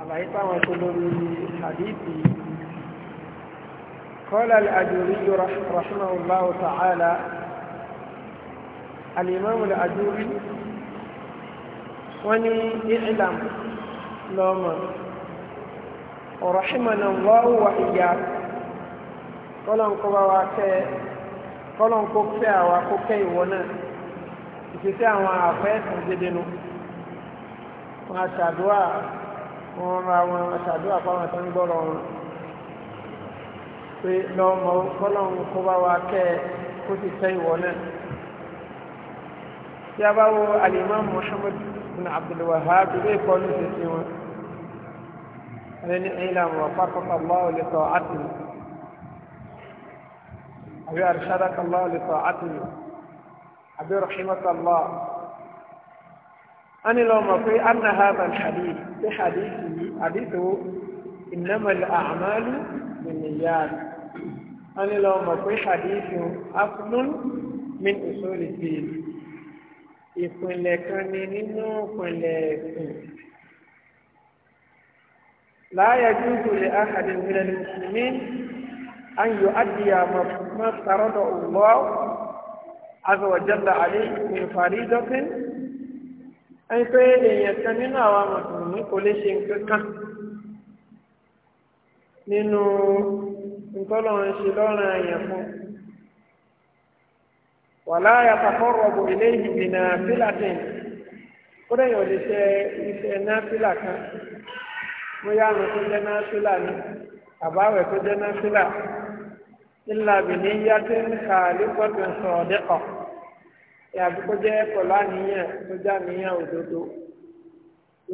àlàyé táwọn tó lórí hadithi قال الأجوري رحمه الله تعالى الإمام الأجوري وني اعلم لما ورحمنا الله وإياك قال انقبوا وكي قال انقبوا وكي ونأ ìṣesí àwọn àfẹ́sùn dédénú wọn aṣàdúrà wọn ra wọn aṣàdúrà fáwọn tó ń gbọ́rọ̀ wọn pé lọ́mọ kọ́lọ́hún kó bá wa kẹ́ ẹ kó sì tẹ́ ìwọ náà tí a bá wo alimam Muhammad bin Abdul Wahhab ilé ìkọlù ìṣesí wọn ẹni ẹ̀yìn làwọn wà pápákọ̀ lọ́wọ́ lè tọ́ àtìlù àbí àrùsádàkọ̀ lọ́wọ́ lè tọ́ àtìlù àbí rahimakallah wọ́n ní lọ́wọ́ mọ̀ pé anna hadha hadith ṣé hadith yìí hadith wo innamal a'malu binniyat wọ́n ní lọ́wọ́ mọ̀ pé hadith afnun min usuli din ìpínlẹ̀ kan ní nínú ìpínlẹ̀ ẹ̀sìn. لا يجوز لأحد من المسلمين أن يؤدي ما افترضه الله azọ̀wọ̀jẹ́ta àlẹ́ ìfàrí dọ́pín ẹni pé èèyàn kan nínú àwọn mùsùlùmí kò lè ṣe nǹkan kan nínú nǹkan lọ́wọ́ ń ṣe lọ́rùn èèyàn fún wàlá yàtàkọ́rọ̀bù ilé ìgbìnà fílàtìn kódà yóò lè ṣe iṣẹ́ náfìlà kan bóyá àrùn tó jẹ́ náfìlà ni àbáwẹ̀ tó jẹ́ náfìlà ni ńlá bìíní yá tó ń ka àlékọ́tò sọ̀rọ̀ dẹ́kọ̀ ìyàbí kó jẹ́ pẹ̀lú àníyàn tó já níyàn òdodo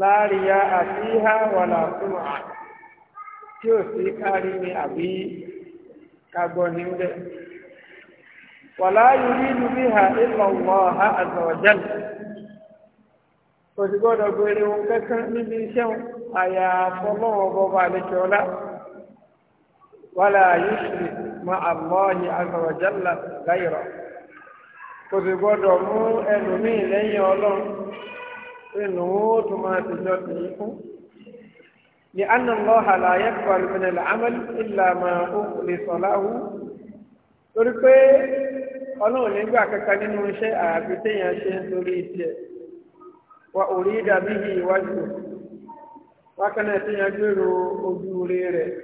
láàríyá àti ìhà wàlà fún à tí ò sí kárí ni àbí kagbọ́n ní bẹ́ẹ̀. wàlá yìí ní bíhà ìlọ̀wọ̀ ha àgbọ̀jẹ́ kò sì gbọ́dọ̀ gbére wọn kankan níbi iṣẹ́ wọn àyàfọ́ lọ́wọ́ bọ́ba àlejò ọlá wàlá yìí ṣùgbọ́n. مع الله عز وجل غيره kò sì gbọ́dọ̀ mú ẹlòmíì lẹ́yìn ọlọ́run inú ó tún máa ti jọ sí i fún. ní anàlọ́ àlàyé pàlùmínà làmàlì ìlànà òkùnlé sọ̀láwù torí pé ọlọ́run nígbà kankan nínú iṣẹ́ àyàfi téèyàn ṣe ń torí tiẹ̀ wa orí dàbí ìwájú wákàtí téèyàn gbèrò ojú rẹ̀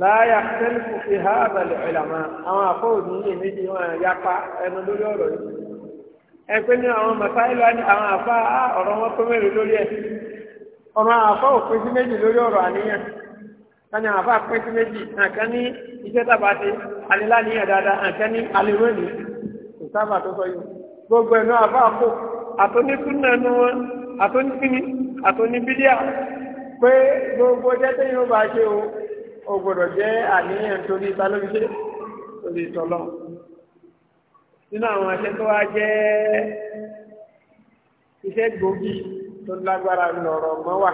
láyà tẹ́lifù fi ha àbẹ̀lẹ̀ ìlànà àwọn àfọwọ́dún yìí méjì wọn yapa ẹnu lórí ọ̀rọ̀ yìí ẹgbẹ́ ní àwọn mọ̀sáìlá ní àwọn àfa ọ̀rọ̀ wọn tó mẹ́rin lórí ẹ̀ ọ̀rọ̀ àfa òpin sí méjì lórí ọ̀rọ̀ àníyàn kanyà àfa pín sí méjì nǹkan ní iṣẹ́ tábà ti aliláníyàn dáadáa nǹkan ní aliwẹ́ni kò sábà tó sọ yìí gbogbo ẹ̀nu àfa àpò àtọ́nísúnà ẹnu wọn àtọ́nísíní àtọ́níbídíà pé gbogbo jẹ́tẹ́yìn ó bá ṣe o ó gbọ́dọ̀ jẹ́ àníyàn torí ta ló fi ṣe torí tọ́lọ́ nínú àwọn àṣẹ tó wá jẹ́ iṣẹ́ gbòógì tó lágbára lọ̀rọ̀ mọ́ wà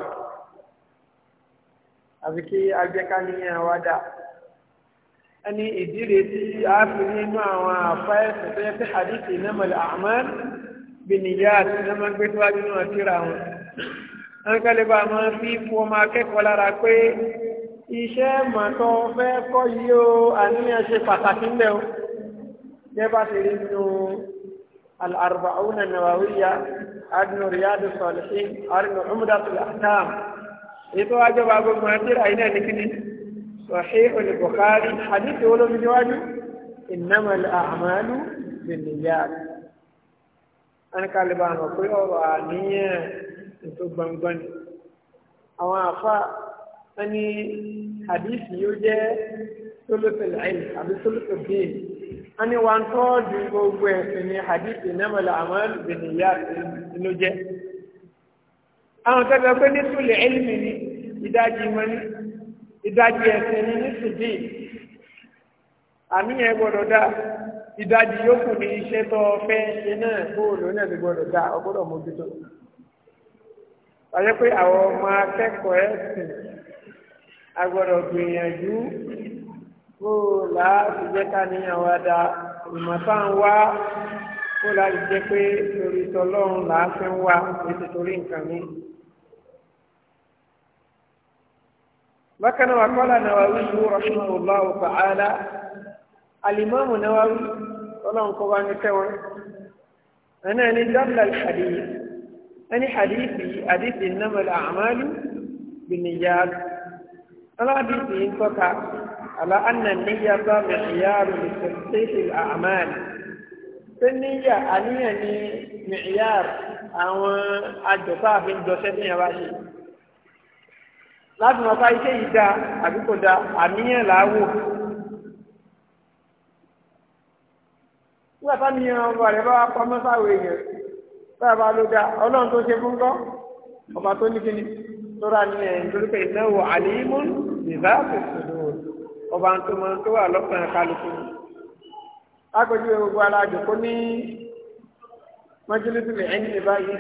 àfi kí ajẹ́káníyàn wá dà ẹni ìdíre tí a fi nínú àwọn àfá ẹ̀sìn tó yẹ pé hadithi innamal a'mal binniyat àti iná máa ń gbé síwájú náà síra wọn. wọn kẹ́lẹ́ bá máa fi fún ọmọ akẹ́kọ̀ọ́ lára pé iṣẹ́ màtọ́ fẹ́ kọ́ yìí ó àníyàn ṣe pàtàkì ńlẹ̀ o jẹ́ bá ti rí nínú al-arba'una nawawiyya adnu riyadu salihin adnu umdatul ahkam ètò ajọba gbogbo àtìrà iná nìkíní sahihul bukhari hadith olómi níwájú innamal a'malu binniyat ankalibanu pé ọ̀rọ̀ àníyàn ètò gbangban àwọn àfáà wọ́n ní àdìsí yóò jẹ́ tólófẹ̀lẹ̀ àìlè àbí tólófẹ̀ bíi wọ́n ní wọn tó di gbogbo ẹ̀sìn ní àdìsí nẹ́mọ̀lá àwọn ènìyàn ló jẹ́. àwọn kẹ́kẹ́ pé ní tólẹ̀ ẹ̀lìmì ní ìdájí wọn ní ìdájí ẹ̀sìn ní ní sùdí àníyàn gbọ́dọ̀ dá ìdájí yòókù ní iṣẹ́ tó fẹ́ ṣe náà bóòlù náà ti gbọ́dọ̀ dá ọgbọ́dọ̀ mójútó. wọ́n pé àwọn ọmọ akẹ́kọ̀ọ́ ẹ̀sìn a gbọ́dọ̀ gbìyànjú kó o láti jẹ́ ká níyàn wá da ìmọ̀tá ń wá kó o láti jẹ́ pé torí tọlọ́run là á fẹ́ ń wá ètò torí nǹkan mi. bákan náà wàkọ́lá Nawawi rahimahullahu ta'ala alimami Nawawi tọ́lọ́run kó bá ní tẹ́wọ́n ẹ̀nà ẹni dábìlà hadith ẹni hadith yìí hadith innamal a'malu binniyat aláàdìsí ń tọ́ka àlá ànà níyà bá mìíyàrú ìfẹ̀sẹ̀sẹ̀ àmàlì pé níyà àníyàn ní mìíyàrú àwọn àjọpá àfi ń jọṣẹ́ fún yàrá ṣe láti máa bá iṣẹ́ yìí dáa àbí kò dáa àníyàn làáwò nígbà táwọn ènìyàn ọba rẹ̀ bá wà pamọ́ sáwọn èèyàn báyà bá ló dáa ọlọ́run tó ṣe fún kọ́ ọba tó ní kíni tó rà níyàn nítorí pé ìnáwó àlè mú ìzáàfì sòdò ọba tó máa tó wà lọ́kàn kálukú agbẹjọ gbogbo alájò kó ní mọ́júlẹ́sì lẹ́yìn ní báyìí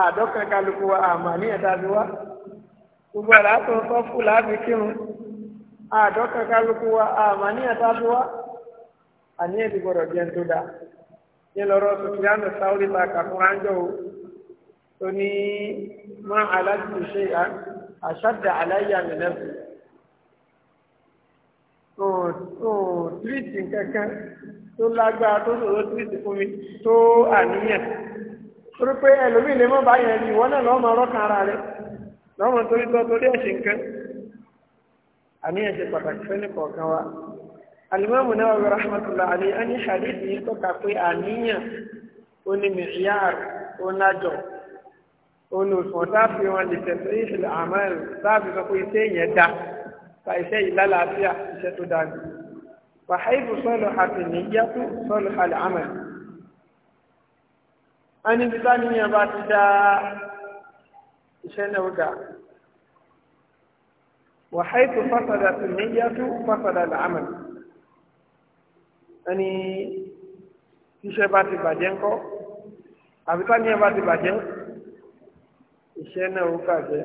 àdọ́kàn kálukú wa àmà ní ẹ̀dá bí wá gbogbo àlàáfíà ọkọ̀ fún láàbì kírun àdọ́kàn kálukú wa àmà ní ẹ̀dá bí wá àní ẹ̀dí gbọ́dọ̀ jẹ́ tó dáa ní lọ́rọ́ sùkúránù sáwọ́lì bá kàkúránjọ́ o tó ní mọ́ aláàjì ṣe àná àṣàdà aláyà mi lẹ́fù tó tírìtì kankan tó lágbára tó sọ̀rọ̀ tírìtì fún mi tó àníyàn torí pé ẹlòmíì lè mọ́ bá yẹn rí ìwọ náà lọ́mọ ọlọ́kan ara rẹ lọ́mọ torí tọ́ torí ẹ̀sìn kan àníyàn ṣe pàtàkì fẹ́ nìkọ̀ọ̀kan wa alimami náà wọ́n rahmatulah alayhi ani hadith yìí tọ́ka pé àníyàn onímìíyàr onájọ olùsùn táàfin wọn lè tẹ̀sí ìṣẹ̀lẹ̀ àmọ́ táàfin sọ pé iṣẹ́ yẹn da ta iṣẹ́ yìí lálàáfíà iṣẹ́ tó dáa ni. wàhálà sọ̀lù àtìníyàtú sọ̀lù àlẹ́ àmọ́ a ní bíbá níyàn bá ti dá iṣẹ́ náà dá wàhálà fásadà àtìníyàtú fásadà àlẹ́ àmọ́ ẹni tíṣẹ́ bá ti bàjẹ́ ńkọ́ àbíká níyàn bá ti bàjẹ́ ńkọ́ iṣẹ́ náà ó bàjẹ́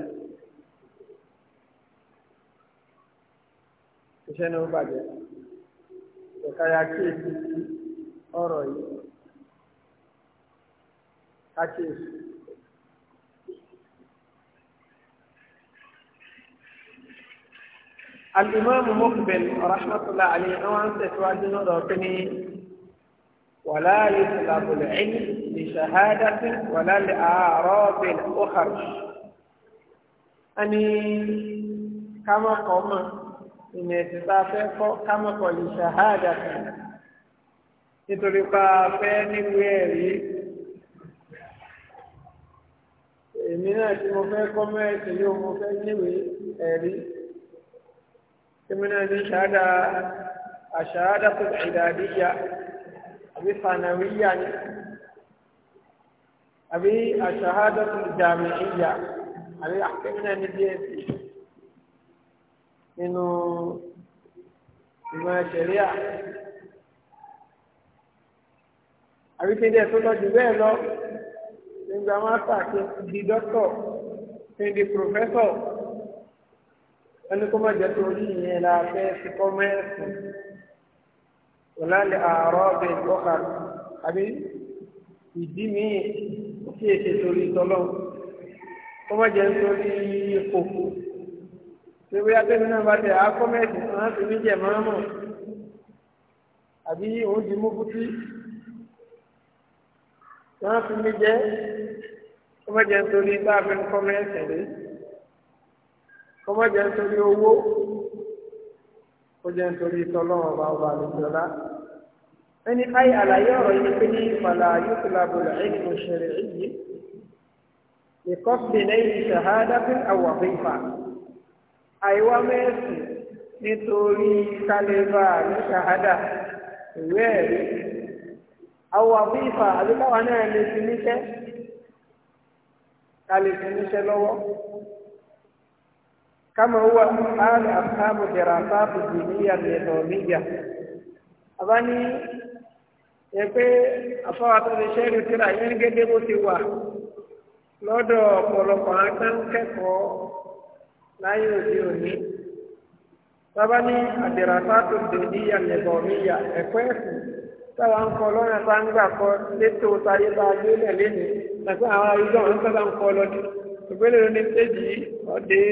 iṣẹ́ náà ó bàjẹ́ ẹ̀káyà kíyèsí sí ọ̀rọ̀ yìí kíyèsí. الإمام مقبل رحمة الله عليه أنه أنت تواجه ولا يطلب العلم لشهادة ولا لأعراض أخرى أني كما قوم إن إتتافق كما قوم لشهادة إتريقا فيني ويري إمينا تمفيكم إتليوم فيني ويري كمنا نشهد الشهادة العدادية بالثانوية àbí àṣàhádọ́tò jàmì ìyá àbí àkẹ́mínà ní dsc nínú ìmọ̀ ṣẹ̀ríà àbí kí n dẹ̀ tó lọ jù bẹ́ẹ̀ lọ nígbà máta kí n di dọ́tọ̀ kí n di pòfẹ́sọ̀ ẹni kó má jẹ́ torí ìyẹn la fẹ́ fi kọ́ mẹ́ẹ̀sì wọ́n àárọ̀ bẹ́ẹ̀ kọ́ka àbí ìdí mi tí èsè torí tọ́lọ́wọ́ kó má jẹ́ nítorí ipò ṣèwé akẹ́mi náà bá tẹ̀ á kọ́mẹ́ẹ̀tì náà ti ní jẹ̀ máa mọ̀ àbí òun di mú bútí náà fi mí jẹ́ kó má jẹ́ nítorí bá a fi ń kọ́mẹ́ẹ̀tì rí kó má jẹ́ nítorí owó kó jẹ́ nítorí tọ́lọ́wọ́ bá ọba àlejò ẹni káyé àlàyé ọ̀rọ̀ yìí pé ní ìfàlà yutlabu al-ilmu ash-shar'iyyi ìkọ́sí lẹ́yìn shahadati aw wazifa àìwá mẹ́sì nítorí kálífà ní ṣàhádà ìwé ẹ̀rí aw wazifa àbíkáwá náà lè fi níṣẹ́ kálífì níṣẹ́ lọ́wọ́ kama huwa hali ashabu dirasati diniya nidhamiya abani ẹ pé afọwọ́ tó ti ṣẹ́rí tíra yẹn gẹ́gẹ́ bó ti wà lọ́dọ̀ ọ̀pọ̀lọpọ̀ akẹ́kọ̀ọ́ láyé òde òní sábà ní àdìràsá tó dòdì yà lẹ́bọ̀ mi yà ẹ̀kọ́ ẹ̀sìn sábà ń kọ lọ́rùn tá ń gbà kọ létò táyé bá gbé lẹ̀ lẹ́nu lẹ́kọ́ àwọn arúgbó àwọn sábà ń kọ lọ́dún ìgbélé ní péjì ọ̀dẹ́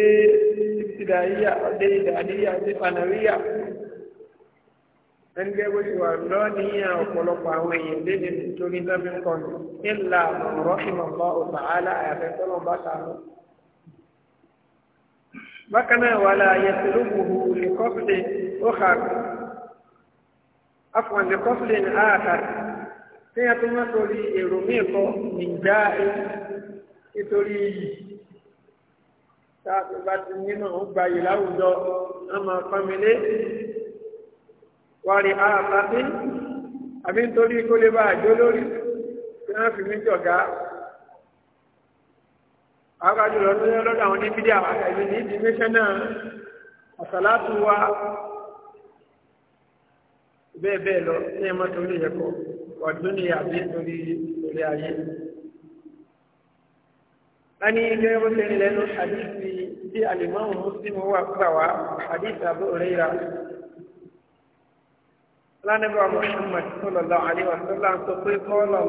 ìdàríyà ọ̀dẹ́ ìdàríyà ọ̀dẹ́ fanaríyà ẹnjẹ bó ti wà lọ́nìyàn ọ̀pọ̀lọpọ̀ àwọn èèyàn léde nítorí dábì ń kọ́ni ìlà ọ̀rọ̀ ìmọ̀lá ọ̀tà àlà àyàfẹ́ tọ́lọ̀ bá sàánú. bákan náà wà lá ayẹsẹ̀ lóbùhù lẹ́kọ́fìlẹ̀ ó hà afọ̀n lẹ́kọ́fìlẹ̀ ní àhà kéèyàn tó má torí èrò míì kọ́ nìjà nítorí yìí tá a ti bá ti nínú ọgbà láwùjọ ọmọ fámilé wàrí àtàtì ah, àbí nítorí kó lè bá àjọ lórí tí wọ́n fi mí jọ̀gá àgbájú lọ tó yẹ lọ́dọ̀ àwọn níbi díà àgbàjì ìdí mẹ́ṣẹ́ náà àsàlátù wa bẹ́ẹ̀ bẹ́ẹ̀ lọ ní ẹmọ́ torí ẹ̀kọ́ ọdún ní àbí torí orí ayé ani gẹ́gẹ́ bó ṣe ń lẹ́nu hadithi tí alimami muslim wà gbà wá hadithi Abu Hurairah lánàbí wa muhammad sallallahu alayhi wa sallam sọ pé qala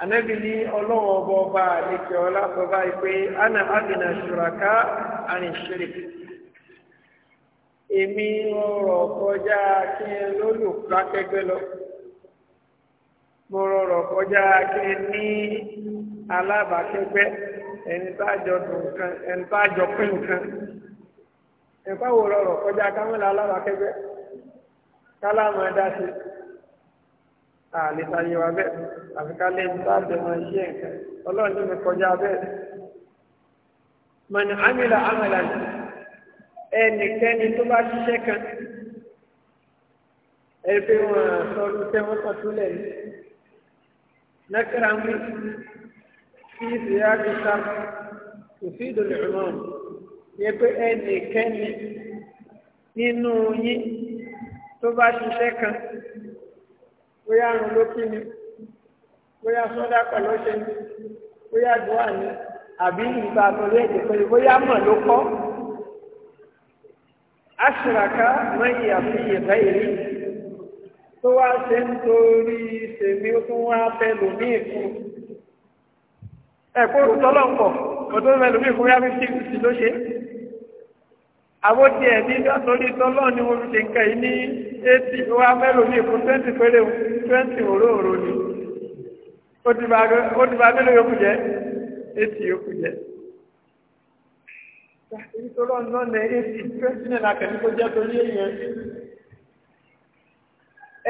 anabi ọlọ́wọ́ ọlá pé ana ani èmi kọjá kí n lọ mo kọjá kí n ní ẹni tá nǹkan ẹni wo rọrọ̀ kọjá kámẹ́lá alábàákẹ́gbẹ́ kálámà dá sí àlèta wa bẹ́ẹ̀ àfi ká lé nípa àbẹ̀mọ̀ iṣẹ́ nǹkan ọlọ́run ní mi kọjá bẹ́ẹ̀. mọ̀nà tó bá ṣiṣẹ́ kan wọn sọ ọdún tẹ́wọ́n sọ túlẹ̀ ní nàkàrà ń bí. في ثياب الشر يفيد العموم يبقى أن كان nínú yín tó bá ṣiṣẹ́ kan bóyá àrùn ló kí ni bóyá sọ́dá pẹ̀lú ṣe ni bóyá dùá ni àbí ìgbà àtọ̀lé ẹ̀jẹ̀ pẹ̀lú bóyá mọ̀ ló kọ́ aṣèràká mẹ́yìn àfihàn báyìí tó wá ṣe ń torí ṣèmí fún wa pẹ̀lú míì fún ẹ̀kọ́ orúkọ lọ́pọ̀ kòtò mẹ́lùmí fún yá fífi sí ló ṣe àwọn tí ẹ̀ ní lọ́sọ̀rí tọ́lọ́ ni mo fi ṣe nǹkan yìí ní eighty wa mẹ́lùmí fún twenty péré twenty òróòró ni ó ti bá mélòó yókù jẹ́ eighty yókù jẹ́ ìtọ́lọ́ náà ní eighty twenty náà la kẹ́mi tó jẹ́ torí èèyàn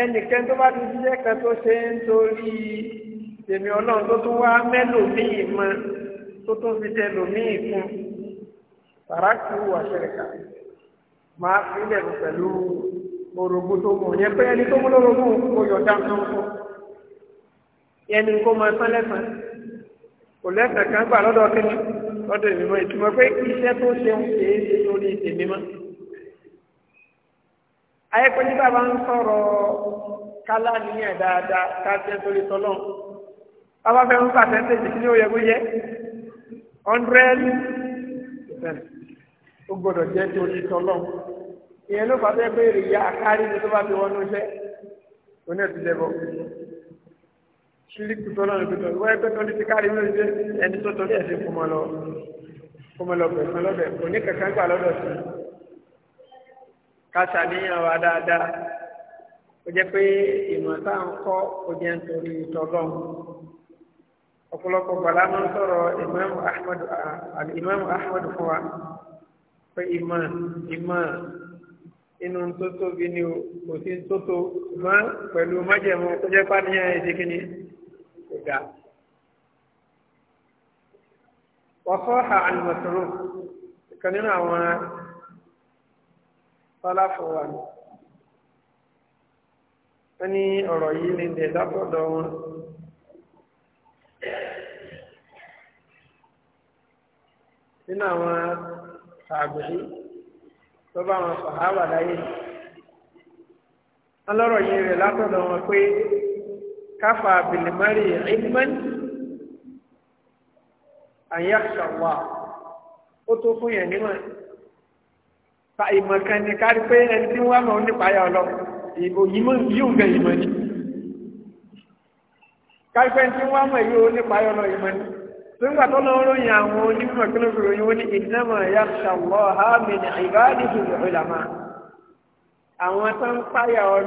ẹnìkan tó bá ti jẹ́ kan ṣe ń torí. èmi ọlọ́run tó tún wá mẹ́lòmíì mọ tó tún fi tẹ lòmíì fún sàràkì wà ṣẹ̀ka máa fi pẹ̀lú orogbo tó mọ̀ yẹn pé ẹni tó mú lórogún kò yọ̀ dáńtán fún kó máa lẹ́sàn kò lẹ́sàn kan gbà lọ́dọ̀ lọ́dọ̀ èmi mọ́ ìtumọ̀ pé iṣẹ́ tó ṣe lórí èmi mọ́ ń sọ̀rọ̀ kálá nìyẹn bàbá fẹ́ fún pàṣẹ́ntéèjì kí ni ó yẹ kó yẹ hundred percent ó gbọ́dọ̀ jẹ́ torí tọ́lọ́ ìyẹn ló fàá béèrè ya akari ni tó bá fi wọnú iṣẹ́ oní ẹ̀sìn jẹ́ bọ́ ṣílíkù tọ́lọ́ ní pẹ̀tọ́ wọ́n ẹgbẹ́ tó ní ti kárí ló ń ṣe ẹni tó tọ́lé ẹ̀sìn kó mọ lọ kó mọ lọ bẹ̀rẹ̀ lọ́bẹ̀ kò ní kankan gbà lọ́dọ̀ sí ká ṣàníyàn wa dáadáa ó jẹ́ pé ìmọ̀ táà ń kọ́ ó jẹ́ nítorí tọ́lọ́run ọ̀pọ̀lọpọ̀ bàlá máa ń sọ̀rọ̀ imam ahmed àbí imam ahmed fún wa pé ìmọ̀ ìmọ̀ inú tó tóbi ni kò sí tó tó mọ́ pẹ̀lú májẹ̀mú tó jẹ́ pàdéyàn èdè kìíní kò ga. wàhọ́hà àlùmọ̀tòrò kan nínú àwọn sálàfọ̀ wa ni wọ́n ní ọ̀rọ̀ yìí ni dẹ̀ látọ̀dọ̀ wọn nínú àwọn tàbí tó bá wọn sàhábà láyé ọlọ́rọ̀ yìí rẹ̀ látọ̀dọ̀ wọn pé káfà bìlìmárì ìlmán àyàkṣàwà ó tó fún yẹn nímọ̀ ìmọ̀ kan ní kárí pé ẹni tí wọ́n mọ̀ nípa ayà ọlọ́ ìbò yìí mọ̀ yíò gẹ̀ ìmọ̀ ni. káfíń tí wọ́n mọ̀ yìí ó nípa ayọ̀lọ́ yìí mọ́ni nígbà tó lọ ròyìn àwọn onímọ̀ kí ló fi ròyìn wọn ní ìdínámọ̀ ẹ̀yà ṣàwọ̀ hàmìn ìbáàdì ìṣòro ìlànà àwọn tó ń páyà nri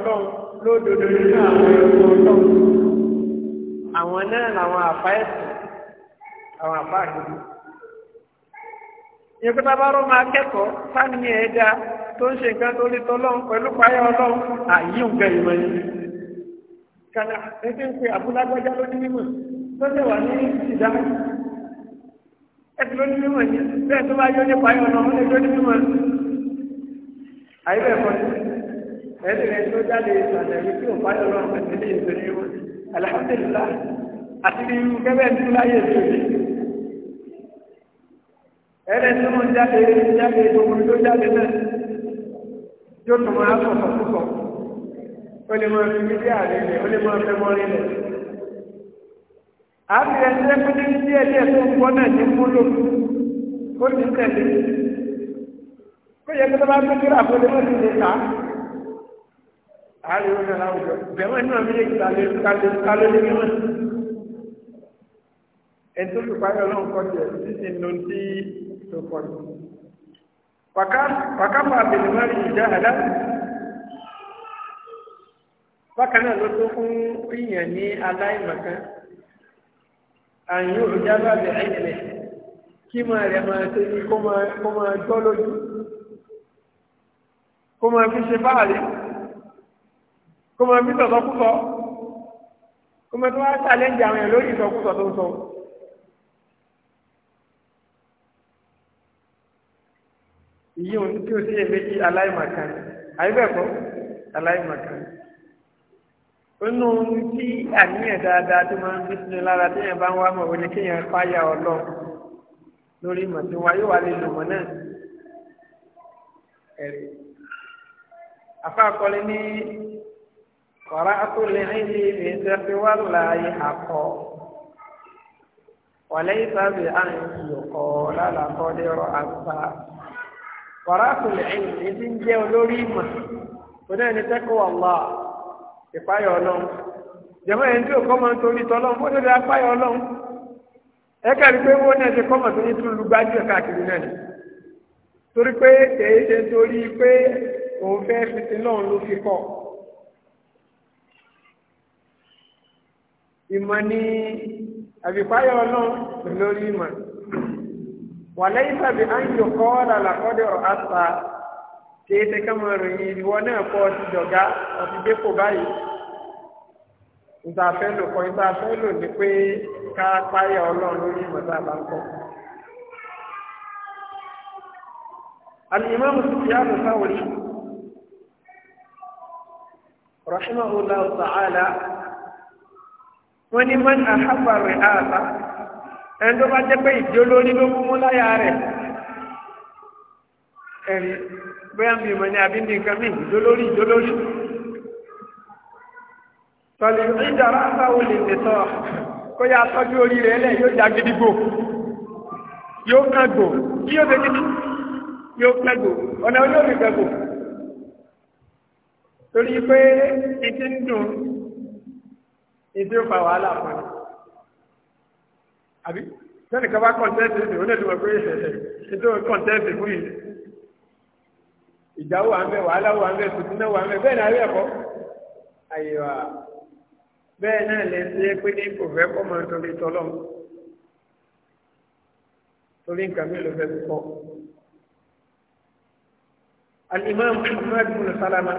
lódodo nínú àwọn ẹ̀kọ́ àwọn náà làwọn ẹ̀sìn àwọn àgbègbè bá tó ń ṣe nǹkan tó lè kàlà ẹgbẹ́ ń pe àbúlágbájá lóní mímọ̀ tó lè wà ní ìdáhà ẹgbẹ́ lóní mímọ̀ yẹn bẹ́ẹ̀ tó bá yọ nípa ayọ̀ náà wọ́n lè lóní mímọ̀ àyẹ̀bẹ̀ kan ẹ̀ẹ́dì rẹ̀ tó jáde ìsàlẹ̀ tí òpá yọ̀ náà pẹ̀lú ilé ìgbèrè wọn alhamdulillah àti ní irú kẹ́bẹ́ ń tún láyé ìgbèrè ẹ̀ẹ́dẹ̀ tó mọ̀ jáde jáde tó mọ̀ tó jáde náà ó lè máa fi bíbí àlè lẹ̀ ó lè máa fẹ́ mọ́rí lẹ̀. àbílẹ̀ ṣẹ́ fún ní díẹ̀ díẹ̀ tó ń gbọ́ náà ní múlò ó ti tẹ̀lé. ó yẹ kí tó bá tó kíra àpò lè má ti lè kà á. àárẹ̀ ó nà láwùjọ bẹ̀rẹ̀ náà mi lè kà lè kà lè lè mímọ́. ètò ìpàdé ọlọ́run kọ́ tiẹ̀ títí ló tí tó kọ́ ni. wàkàfà àbẹ̀lẹ̀ mọ́rí ìjà àdá bákan náà ló tó fún yíyàn ní aláìmọ̀kan àyìn òjábà bẹ̀ ẹ̀yẹ̀lẹ̀ kí máa rẹ̀ máa ṣe ní kó máa jọ́ lójú kó máa fi ṣe báàlì kó máa fi sọ̀tọ̀kúsọ kó máa tó wá ṣàlẹ́ǹdì àwọn èèyàn lórí ìsọkúsọ tó ń sọ. ìyí òun tí ó sì yẹ méjì aláìmọ̀kan àyíbẹ̀kọ́ aláìmọ̀kan. inú tí àníyàn dáadáa tó máa ń bí sínú lára téèyàn bá ń wá mọ̀ wọlé kéèyàn fáyà ọlọ́ lórí ìmọ̀ tí wọn yóò wá lè lò mọ́ náà ẹ̀rí. afáàkọ́lé ya kọ́ra àtúlẹ̀ ẹ̀yìn ìbí sẹ́fí wà láàyè àkọ́ wàlẹ́ ìsàbí àyìn ìyókọ́ lálàkọ́ olórí ìpáyọ̀ ọlọ́run jẹ̀mọ́ ẹni tí ò kọ́ máa ń torí tọ́lọ́run ó lórí apáyọ̀ ọlọ́run ẹ kẹ́rì pé wọ́n náà ṣe kọ́ máa torí tún lu gbájú ẹ̀ káàkiri náà ni torí pé èyí ṣe torí pé òun fẹ́ fi ti lọ́run ló fi kọ́ ìmọ̀ ni àbípáyọ̀ ọlọ́run lórí ìmọ̀ wàlẹ́yìn tàbí áńjọ kọ́ ọ́ kéèsè kẹ́mọ̀ ìròyìn ìwọ náà kọ́ ọtí jọ̀gá ọtí dépò báyìí ìtafẹ́ kọ́ ìtafẹ́ ní pé ká páyà ọlọ́run lórí ìmọ̀tá bá ń kọ́. alimami sufiyanu ta'ala bóyá mi ìmọ̀ ni àbí ní nǹkan mi ìjólórí ìjólórí tọ́lì ìjàrá sáwò lè tẹ̀tọ́ kó yá tọ́jú orí rẹ̀ lẹ̀ yóò já gidigbo yóò kẹ́gbò kí yóò tẹ́gbò yóò kẹ́gbò ọ̀nà yóò fi kẹ́gbò torí pé ìdí ń dùn ìdí ó fa wàhálà fún mi àbí sẹ́nìkan bá kọ̀ǹtẹ́ǹtì ìdí ó lè dùn pé ìṣẹ̀lẹ̀ ìdí ó kọ̀ǹtẹ́ǹtì fún yìí ìjáwó wà ń bẹ wàhálà wà ń bẹ tuntun wà ń bẹ bẹ́ẹ̀ náà rí ẹ̀kọ́ àyèwà bẹ́ẹ̀ náà lè ṣe é pé ní kò fẹ́ kọ́ mọ́ nítorí torí nǹkan mi ló fẹ́ fi kọ́. الإمام محمد بن سلمة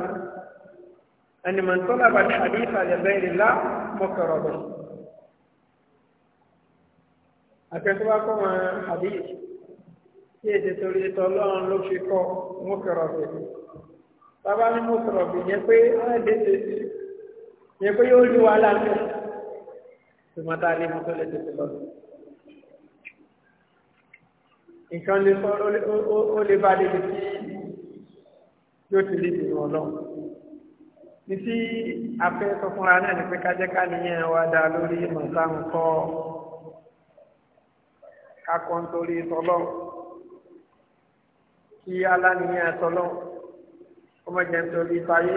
أن من طلب الحديث لغير الله مكره به. أكتبكم حديث tí èdè torí ìtọ́ ọlọ́run ló fi kọ́ mọ́kẹ̀rọ̀bì bàbá mi mọ́kẹ̀rọ̀bì yẹn pé àìlèdè sí yẹn pé yóò rí wàhálà mi tòmátà ní mo tó lè tètè lọ. nǹkan lè sọ ó lè bá débi tí yóò ti lè dùn ọlọ́run ní tí afẹ́ sọ náà ní pé kájẹ́ká nìyẹn wá dá lórí mọ̀tá ń kọ́ kakọ́ nítorí tọ́lọ́run kí aláníyàn àtọ́lọ́ kó má jẹ́ nítorí fàyè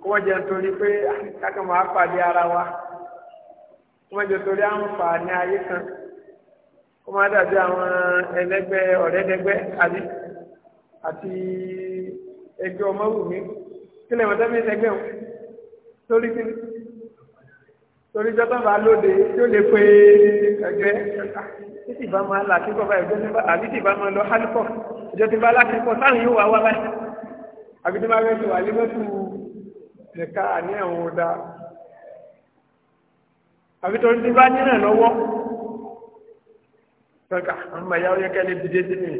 kó má jẹ́ nítorí pé kákan máa pàdé ara wa kó má jẹ́ nítorí àǹfààní ayé kan kó má dàbí àwọn ẹlẹ́gbẹ́ ọ̀rẹ́dẹ́gbẹ́ àbí àti ẹgbẹ́ ọmọwùmí kílẹ̀ mọ́tẹ́ mi ẹgbẹ́ wọn torí kí ni torí jọ́tọ̀ bá lóde tí ó lè pe ẹgbẹ́ títí bá máa là sí bọ́ba ẹgbẹ́ nígbà àbí títí bá máa lọ hálíkọ̀ ìjọ ti bá láti pọ̀ sáàrin yóò wá wá báyìí àbídí máa fẹ́ ti wà lébẹ́tù ẹ̀ka ní àwọn ọ̀dà àbítorí ti bá nínà lọ́wọ́ pẹ̀ka àwọn ọmọ ìyá ọ̀yẹ́kẹ́ lè dìde sí mi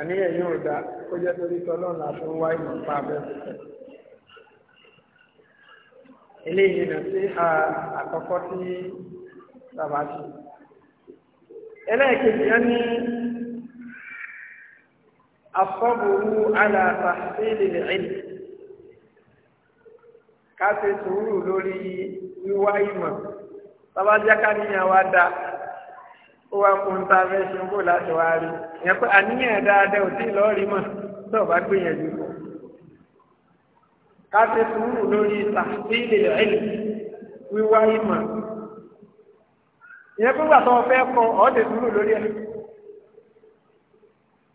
àníyàn yóò dá kó jẹ́ torí tọ́lọ́run àti wá ìmọ̀ pa abẹ́ fẹ́. eléyìí nà sí àkọ́kọ́ tí bàbá ti. ẹlẹ́ẹ̀kejì yẹn ní. الصبر على تحصيل العلم ká ṣe sùúrù lórí wíwá ìmọ̀ tọ́ba jẹ́ ká níyàn wá dá ó wá kún tá a fẹ́ ṣe ń bò láti wá rí ìyẹn pé àníyàn dáadáa ò tí ì lọ́ọ́ rí mọ̀ tó o bá gbìyànjú kọ́ ká sùúrù lórí tàbílì ẹ̀lì wíwá ìmọ̀ ìyẹn pé gbàtọ́ fẹ́ kọ́ ọ́ sùúrù lórí ẹ̀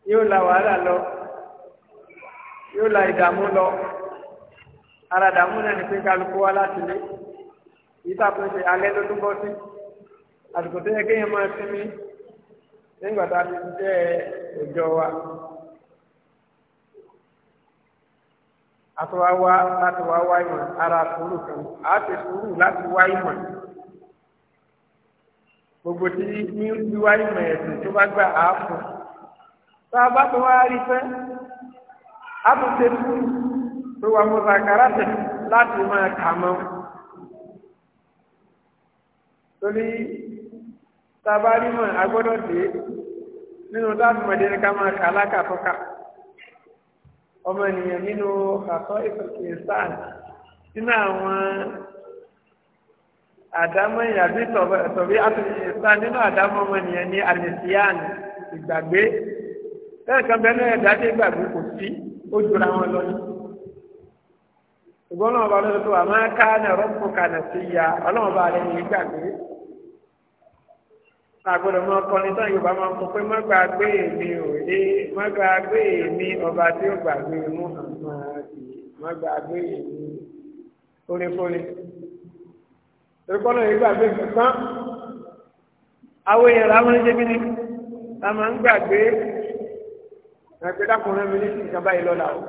yóò la wàhálà lọ yóò la ìdààmú lọ ara ìdààmú náà ni pé kálukú wá láti lé yìí tàbí ṣe alẹ́ ló dúbọ́ sí àsìkò tó yẹ kéèyàn máa sinmi nígbà tá a ti jẹ́ òjò wa. àtọwá wá láti wá wá ìmọ̀ ara sùúrù kan á ti sùúrù láti wá ìmọ̀ gbogbo tí ní wíwá ìmọ̀ ẹ̀sìn tó bá gbà á fún un tá a bá tó wá rí fẹ́ a tún ṣe fún tó wà mọ̀sàkárà tẹ̀ láti máa kà mọ́. torí tá a bá rí mọ̀ a gbọ́dọ̀ dé nínú láti mọ̀ déni ká máa kà lákàtúnkà ọmọ ènìyàn nínú àkọ́ ìfọ̀kì ìsáàn nínú àwọn àdámọ́ ìyàbí tọ̀bí àtúnyẹ̀ ìsáàn nínú àdámọ́ ọmọ ènìyàn ní àlèsíàn ìgbàgbé bẹ́ẹ̀ kan bẹ́ẹ̀ náà ẹ̀dá dé gbàgbé kò sí ó jura wọn lọ ní. ṣùgbọ́n ọlọ́run bá lọ́dọ̀ tó wà máa ká náà rọ́pò kànà sí ya ọlọ́run bá rẹ̀ ní gbàgbé. àgbọ̀dọ̀ máa kọ́ ní sáyẹn yorùbá máa kọ pé má gbàgbé mi ò dé má gbàgbé mi ọba tí ó gbàgbé mú àmọ́ àti má gbàgbé mi fóléfólé. ìrúkọ́nà yìí gbàgbé nǹkan àwọn èèyàn làwọn ń ṣe kí ni làwọn ń gbàgbé ẹgbẹ́ dákùnrin mi ní sí nǹkan báyìí lọ́la o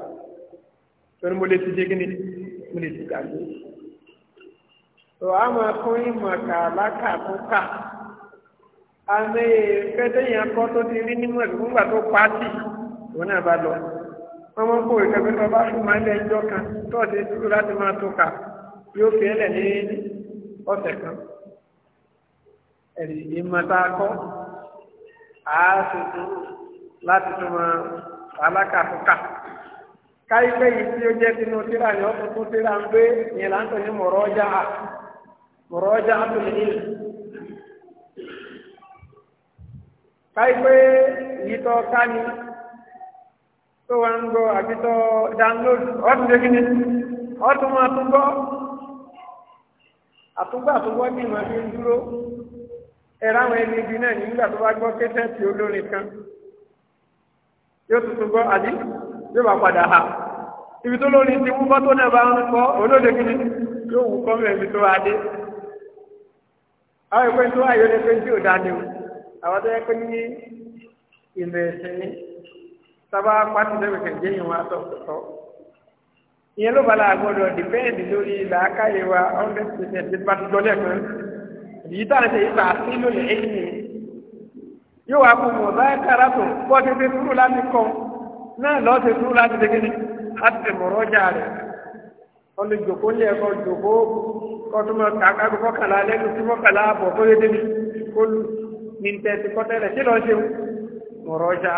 torí mo lè ti dé kíni mo lè ti dàgbé tó a máa kún ìmọ̀ kàlákàkúkà àmì kẹ́tẹ́yìn akọ́ tó ti rí nímọ̀ ìgbà tó pa á sí òun náà bá lọ wọ́n máa kó ìkẹ́kẹ́ tó bá fún máa ń lẹ ẹjọ́ kan tó ọ̀sẹ̀ dúró láti máa tó kà yóò fi ẹlẹ̀ ní ọ̀sẹ̀ kan ẹ̀rì ìmọ̀ta akọ́ àá ṣètò láti tún mọ alákàtúnkà káyipẹ́ yìí tí ó jẹ́ sínú tíra ni ó tuntun tíra ń gbé yẹn là ń pè ní mọ̀rọ̀ ọjà mọ̀rọ̀ ọjà tó ní ìlú. káyipẹ́ yìí tọ́ ká tó wá ń gbọ́ àbí tọ́ download ọdún lé kíni ọdún máa tún gbọ́ àtúgbà tó gbọ́ bí màá fi ń dúró ẹ̀rọ àwọn ẹni ibi náà nígbà tó bá gbọ́ kẹ́sẹ̀tì olórin kan yóò tuntun gbọ́ àbí yóò bá padà ha ibi tó lórí ti wú bọ́tò náà bá ń kọ́ olóde kìíní yóò wú kọ́ mẹ́rin tó wá dé àwọn ìpín tó wáyé ní pé tí ò dá ni o àwọn tó yẹ pé ní ìmọ̀ ẹ̀sìn ní sábà pàtó lẹ́wọ̀ kẹ̀jẹ́ yìí wọn atọ̀ tọ̀ ìyẹn ló balà gbọdọ̀ dìpẹ́ǹdì lórí làákàyè wa hundred percent bá ti gbọ́ lẹ́ẹ̀kan yìí tá yóò wá fún mọ̀záìkára tó bọ́ ti fi túrú láti kọ́ náà lọ́ọ́ ti túrú láti dégé ní láti mọ̀rọ̀ ọjà rẹ̀ ní ẹ̀kọ́ lẹ́nu tí yé débi kó ní tí lọ́ọ́ ṣe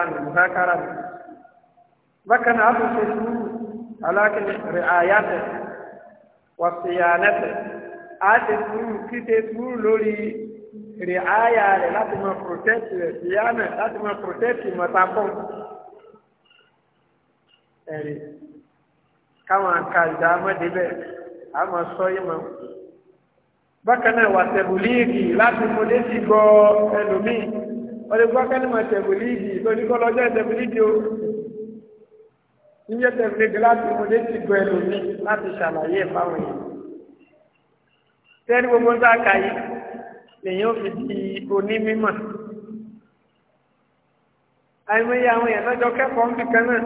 rẹ̀ rẹ̀ bákan rí àyà rẹ̀ láti máa protẹ́tì rẹ̀ síyánà láti máa protẹ́tì mọ̀tàkùn ẹ̀rí káwọn àkàndá mọ́débẹ̀ àmọ́ sọ ìmọ̀ bákan náà wà tẹ̀bùlíìgì láti mú létí gbọ́ ẹlòmíì ọdún gbọ́kẹ́ni mọ̀ tẹ̀bùlíìgì lóníkọ́lọ́jọ́ tẹ̀bùlíìgì o níjẹ́ tẹ̀bùlíìgì láti mú létí gbọ́ ẹlòmíì láti ṣàlàyé ìfáwọn yìí tẹ́ni gbogbo ń dá kàyí lèyìn ó fi di onímímọ̀ àìmọye àwọn èèyàn tọ́jọ kẹ́kọ̀ọ́ ń bì kan náà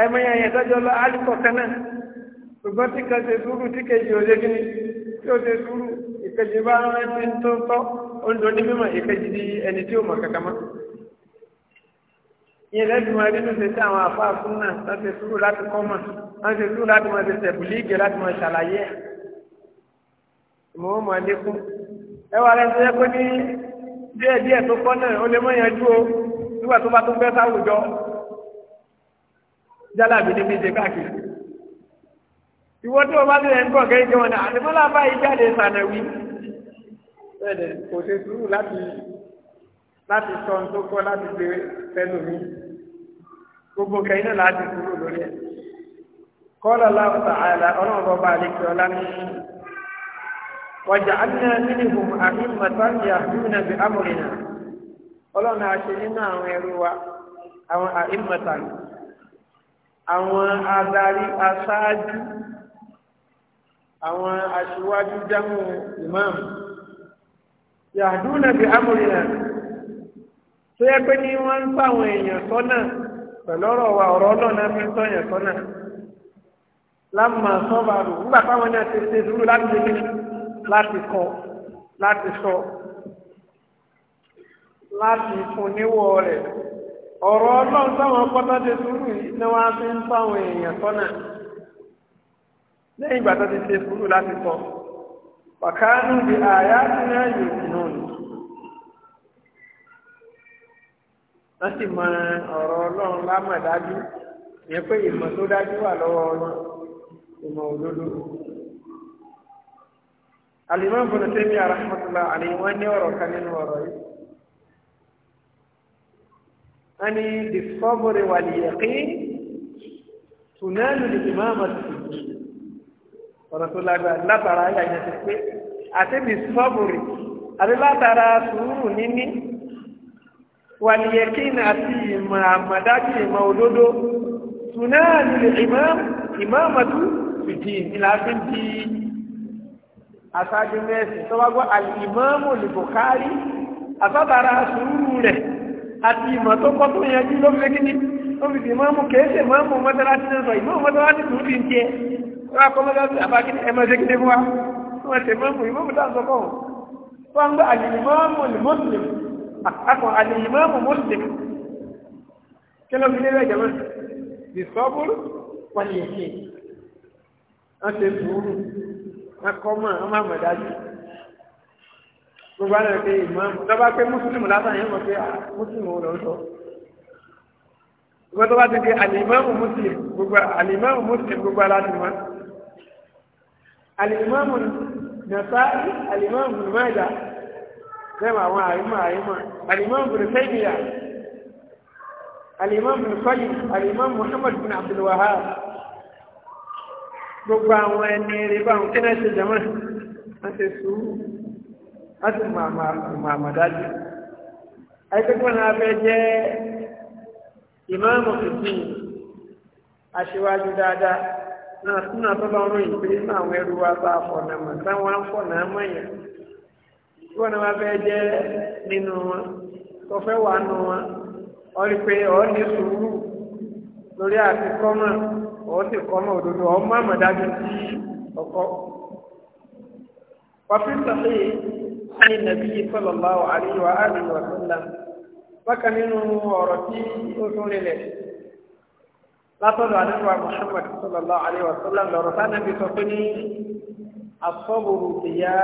àìmọye àwọn èèyàn tọ́jọ lọ álùkọ̀ kan náà ṣùgbọ́n tí kan ṣe sùúrù tí kejì ò lé kíni tí ó ṣe sùúrù ìkejì bá rántí tó ń tọ́ ó ń mímọ̀ ìkejì di ẹni tí ó mọ̀ kankan mọ́. ìyẹn lẹ́sìn máa nínú ṣe tí àwọn àfáà náà wọ́n ṣe sùúrù láti kọ́ mọ̀ wọ́n ṣe sùúrù láti máa ṣe tẹ̀bùlì ìgẹ̀ láti máa ṣàlàyé ẹ̀ mọ̀ ó mọ̀ ẹwà rẹ̀ ṣe pé ní díẹ̀ díẹ̀ tó kọ́ náà ó lè mọ̀ yanjú o nígbà tó bá tó fẹ́ sáwùjọ jálàbí níbi ìdè káàkiri ìwọ tí wọn bá ti rẹ̀ ń kọ̀ kẹ́kẹ́ wọn náà àdìmọ́lá báyìí jáde sànẹ̀wí bẹ́ẹ̀ kò ṣe sùúrù láti láti sọ ohun tó kọ́ láti gbé fẹ́nu mi gbogbo kẹ́yìn náà láti sùúrù lórí ẹ̀ kọ́ lọ́la ọ̀tà àìlà ọlọ́run bọ́ bá àlejò ọlá ní. وجعلنا منهم أئمة يهدون بأمرنا ọlọ́run àṣẹ nínú àwọn ẹrú wa àwọn àìmọ̀tà àwọn adarí aṣáájú àwọn aṣíwájú jámù imam yàdúnà bí amúrinà tó yẹ pé ní wọ́n ń sáwọn èèyàn sọ́nà pẹ̀lú ọ̀rọ̀ wa ọ̀rọ̀ ọlọ́ọ̀nà fi ń sọ́yàn sọ́nà lámà sọ́bàrù nígbà táwọn náà ti ṣe dúró láti ṣe láti kọ láti sọ láti fún níwọ̀ rẹ ọrọ ọlọ́run táwọn pátá sùúrù yìí ni fi ń fáwọn èèyàn tọ́nà lẹ́yìn ìgbà tó ti ṣe sùúrù láti sọ wàkánú bí àyà tí náà yóò nù ní. wọ́n sì mọ dájú pé alimami bọ̀dọ̀ tẹ́mi arahmatullah alayhi wọn ní ọ̀rọ̀ kan nínú ọ̀rọ̀ yìí wọn ní bisọ́bùrì wà ní yẹ̀kí tùnẹ́lù ní ìmáàmà tìtì ọ̀rọ̀ tó lágbára látara ayé àyàn ti pé àti bisọ́bùrì àti látara sùúrù níní wà ní yẹ̀kí àti ìmọ̀ àmàdájú ìmọ̀ òdodo tùnẹ́lù aṣáájú mẹ́sìn tó wá gbọ́ àlìmọ́mù lìbùkárì àtàtàrà sùúrù rẹ̀ àti ìmọ̀ tó kọ́ tó yanjú ló fi kíni ó fi fi mọ́mù kéèsè mọ́mù mọ́tàláṣí náà sọ ìmọ̀ mọ́tàláṣí sùúrù ti ń tiẹ̀ wọ́n akọ́ mọ́tàláṣí àbákíní ẹ̀mọ́sẹ̀ kíni fún wa wọ́n ti mọ́mù ìmọ̀ mọ́tàláṣí sọ́kọ̀ wọ́n gbọ́ àlìmọ́mù mùsùlùm akọ àlìmọ́mù mùsùlùm kí ló fi lé bẹ́ẹ̀ jẹ́mọ́ bí sọ́bùrù wọ́n ti wọn kọ́ mọ́ àwọn máa mọ̀ dájú gbogbo àná pé ìmọ̀ọ́mù lọ́ba pé mùsùlùmù lásán yẹn mọ̀ pé ah, mùsùlùmù ló ń sọ gbogbo tó bá ti di alimami muslim gbogbo alimami muslim gbogbo aláàtì mọ́ alimami nasaari alimami numaja bẹ́ẹ̀ ma àwọn àyímọ̀ àyímọ̀ alimami bùrẹ́sẹ̀mìyà alimami nìkọ́yì alimami muhammadu bin abdulwahab. gbogbo àwọn ẹni eré báwọn kí náà ṣe jẹmọ́ wọ́n sùúrù wọ́n sì àmọ̀dájú ẹgbẹ́gbẹ́ náà fẹ́ jẹ́ ìmáàmù fìdí aṣíwájú dáadáa náà sínú àtọ́lọ́rọ́ yìí pé nínú àwọn ẹrú wa bá fọ̀nà mọ̀ táwọn á fọ̀nà mọ̀yàn tí wọ́n náà fẹ́ jẹ́ nínú wọn tó fẹ́ wọn òun sì kọ́ mọ́ òdodo ọ̀hún mọ́ àmọ̀dájú sí ọkọ. wàfíì sọ̀rọ̀ ayé nàbí sallallahu alaihi wa alihi wa sallam bákan nínú ọ̀rọ̀ tí ó tún rinlẹ̀ látọ̀dọ̀ àdúrà Muhammad sallallahu alaihi wa sallam lọ́rọ̀ sánàbí sọ pé ní asọ́bùrù ìyá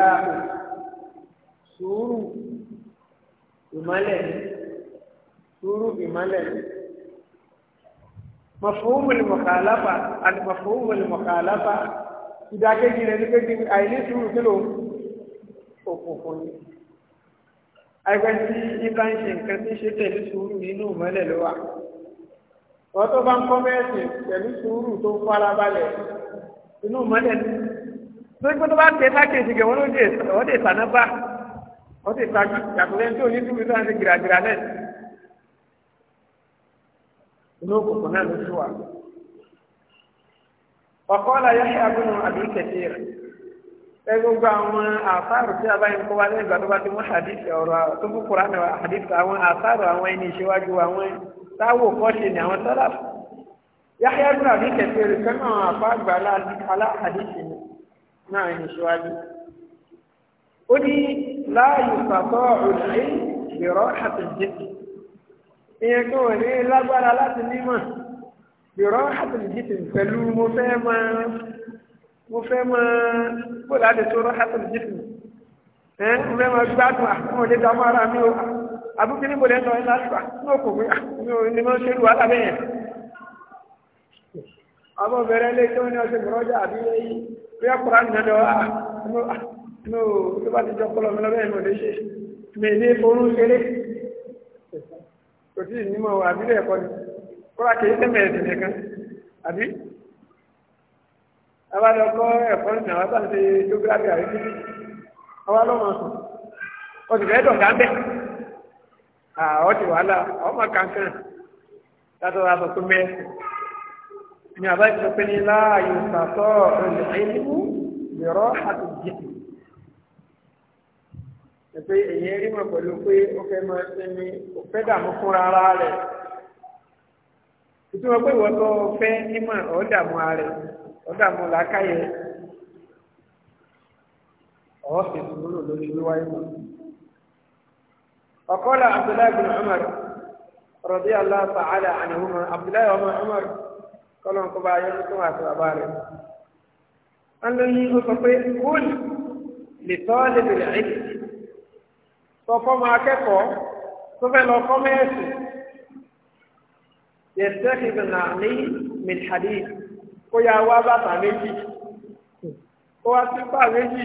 sùúrù ìmọ̀lẹ̀ sùúrù ìmọ̀lẹ̀ مفهوم المخالفة المفهوم المخالفة إذا كان يقول أيلي سوء كلهم òkùnkùn ẹgbẹ́ tí ibà ń ṣe nǹkan tí ń ṣe tẹ̀lé sùúrù nínú ìmọ́lẹ̀ ló wà wọ́n tó bá ń kọ́ mẹ́sìn pẹ̀lú sùúrù tó ń fara balẹ̀ inú ìmọ́lẹ̀ ní tó gbé tó bá tẹ pákéjì gẹ̀ wọ́n ló dé ìsànà bá wọ́n ti ta jàkúrẹ́ tí ò inú òkùnkùn náà ló sì wà. ọ̀kọ́lá Yahya ibn Abi Kathir ẹ gbogbo àwọn àfáàrù tí a bá ń kó wa lẹ́yìn ìgbà tó bá ti mú hadith ọ̀rọ̀ tó fún Kùránì hadith àwọn àfáàrù àwọn ẹni ìṣíwájú àwọn táwọn òkọ́ṣe ni àwọn sálàfù Yahya ibn Abi Kathir kẹ́nà àfáàgbà aláhàdìsì náà ní ṣíwájú. Ó ní láàyè pàtó òṣèlú ìrọ̀ àtẹ̀jẹ̀kì ìyẹn kí wọ́n ní lágbára láti nímọ̀ ìrọ́ àtìlìjìtì pẹ̀lú mo fẹ́ máa mo fẹ́ máa kó láti tó rọ́ àtìlìjìtì ẹ́ mo fẹ́ máa gbádùn àwọn òde dàmú ara mi o àbúkí níbo lẹ́ lọ ńlá ṣùgbà ní òkò mi ah, mi ò ní máa ṣe lù wàhálà bẹ́ẹ̀. àbọ̀ bẹ̀rẹ̀ lé tó ní ọ̀sẹ̀ mọ̀rọ́jà àbí bí ẹ̀kúrà nìyẹn lọ à ní ah, o ah, tó bá ti jọ kọlọ̀ mi lọ bẹ́ẹ̀ mi lè ṣe mi ní ṣeré kò sí ìnímọ̀ àbí bẹ́ẹ̀ kọ́ ni kóra kìí tẹ́mẹ̀ ẹ̀sìn nìkan àbí abájọkọ ẹ̀kọ́ ní àwọn bá ń ṣe jógráfì àrí títí ọwọ́ ló mọ̀ sùn o sì fẹ́ dọ̀gá bẹ́ẹ̀ àwọn ti wàhálà ọmọ kankan látọ̀ látọ̀ tó mẹ́ ni àbájọ pé ní láàyè sàtọ̀ ẹ̀lẹ́yìn ìlú ìrọ̀ àti jìbì. pé ihe rí mọ̀ pẹ̀lú pé ó fẹ́ máa ala ala. fẹ́ dààmú fúnra ara rẹ̀ ìtumọ̀ pé ìwọ́n tó fẹ́ nímọ̀ ọ̀ dààmú rẹ̀ ọ̀ dààmú abdullahi bin umar allah ta'ala abdullahi umar kọ́lọ̀ ń tó wà sí bàbá rẹ̀. pé kúl lè tọ́ lè tọkọ máa kẹ́kọ̀ọ́ tó fẹ́ lọ kọ́ mẹ́ẹ̀sì yẹ̀sẹ̀kì nà ní mìtàdí kó yá wá bàtà méjì kó wá sípà méjì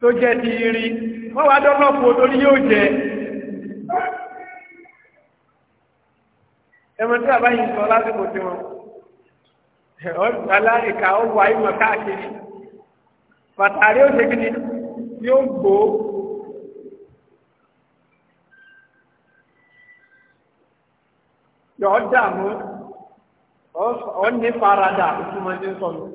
tó jẹ́ ti irin wọ́n wá dọ́lọ́pù olórí yóò jẹ́ ẹmọ tí bàbá yìí sọ lásìkò tí wọn alárìíká ó wà ìmọ̀ káàkiri bàtà rí ó ṣe yóò gbòó. yọ dààmú ọ ní farada ìtumọ̀ ní sọ̀rọ̀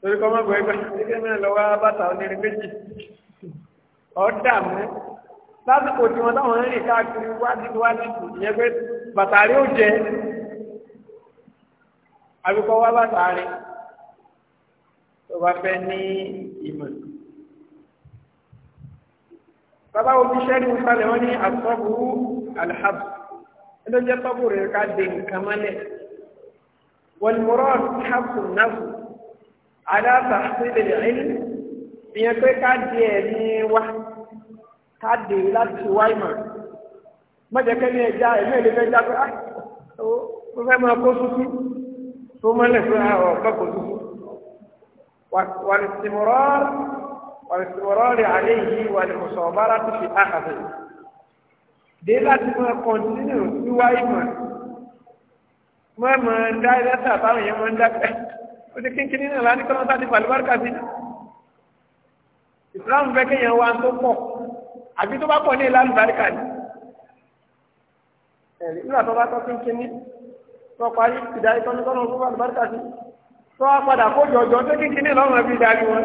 torí kọ́ mọ́ gbẹ́gbẹ́ ẹgbẹ́ mẹ́rin lọ́wọ́ bàtà onírin méjì ọ dààmú lásìkò tí wọ́n táwọn rìn káàkiri wájú wájú ìyẹn pé bàtà rí ó jẹ àbíkọ́ wá bàtà rí tó bá fẹ́ ní ìmọ̀ bàbá omi sẹ́ni ń kalẹ̀ wọ́n ní àtọ́kùú. الحبس إذا جاء طبور يقعدين والمراد حبس النفس على تحصيل العلم في يكوي كادي يعني واحد كادي لا تشوي ما ما جاء كمية ما اللي جاء جاء أه وفهم أقصصي ثم لسه أقصصي والاستمرار والاستمرار عليه والمصابرة في أخذه dé láti máa kọ́ntínú wíwá ìmọ̀ wọ́n máa ń dá lẹ́tà báwọn yẹn máa ń dákẹ́ ó ti kínkínní náà láti kọ́ lọ́tà ti pàlùbárìkà sí ìsìláàmù fẹ́ kéèyàn wá tó pọ̀ àbí tó bá pọ̀ ní ìlànà ìbáríkà ni ẹ̀rí nígbà tó bá tọ́ kínkínní tó parí ìdarí tọ́nu tọ́nu fún àlùbáríkà sí tó wá padà kó jọjọ tó kínkínní lọ́rùn ẹbí ìdarí wọn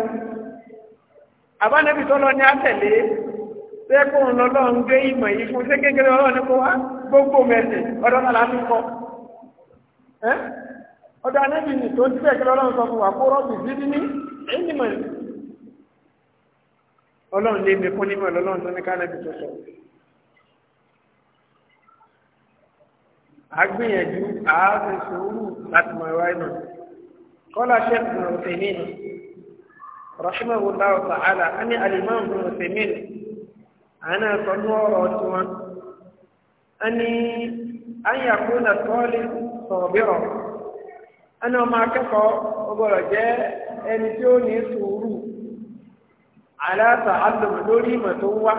àbánẹ́bí tó lọ ní àtẹ̀lé sẹ́kùn lọ́lọ́run gbé ìmọ̀ yìí fún ṣé kékeré ọlọ́run ní kó wá gbogbo mẹ́sì ọ̀dọ́ náà láti kọ́ ọ̀dọ́ anábì ní tó ń tí kékeré ọlọ́run sọ fún wa kó rọ́ọ̀bù dídí ní ìnìmọ̀ ọlọ́run lé mi fún nímọ̀ lọ́lọ́run tó ní kánábì tó sọ. agbìyànjú ààfin sùúrù láti mọ ìwà ìnà kọ́lá ṣẹ́kùn ọ̀sẹ̀ mi rọ̀ṣímọ̀ á ní àlìmọ́ àánà sọnú ọ̀rọ̀ tí wọn a ní ayàkúnà tọ́ọ̀lì sọ̀bírọ̀ a ní ọmọ akẹ́kọ̀ọ́ ọgbọ̀rọ̀ jẹ́ ẹni tí ó ní sùúrù aláta alùmù lórí ìmọ̀ tó ń wá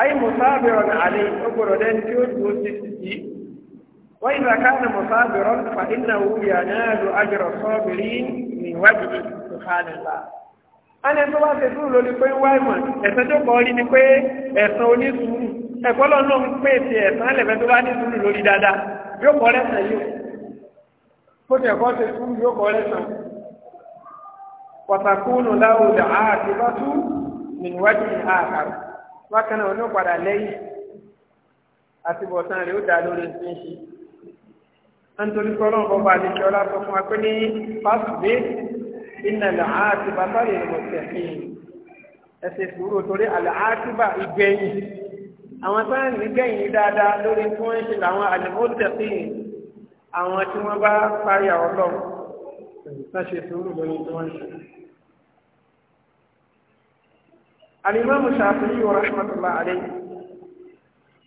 ayé mùsáàbìrọ̀ ní àlè ọgbọ̀rọ̀ dẹ́ni tí ó dúró sí títí wọ́n ìlà káàdì mùsáàbìrọ̀ fà ìnáwó yà náà lu àjọrọ̀ sọ́ọ̀bìrín ní ìwádìí ìfàdàlà ẹni tó bá ṣe sùúrù ló ní pé wá ìmọ̀ ẹ̀sán tó kọ́ rí ni pé ẹ̀sán onísùúrù ẹ̀kọ́lọ́ náà ń pè sí ẹ̀sán ẹlẹ́fẹ́ tó bá ní sùúrù lórí dáadáa yóò kọ́ lẹ́sàn yìí kó tẹ̀ kọ́ ṣe sùúrù yóò kọ́ lẹ́sàn pàtàkùnù láwùjọ àtìbátú nìwájú ní àkàrà wákan náà ní padà lẹ́yìn àtibọ̀tán rẹ̀ ó dá lórí ti ń ṣe nítorí kọ́lọ́ inna làákìbá báyìí ni mo tẹ̀ kí n ẹsẹ̀ sùúrù torí àlàákìbá ìgbẹ̀yìn àwọn tó ń gbẹ̀yìn dáadáa lórí tí wọ́n ń ṣe làwọn àlùmọ́tẹ̀kì àwọn tí wọ́n bá páyà ọlọ́run tán ṣe sùúrù lórí tí wọ́n ń ṣe. الإمام الشافعي رحمة الله عليه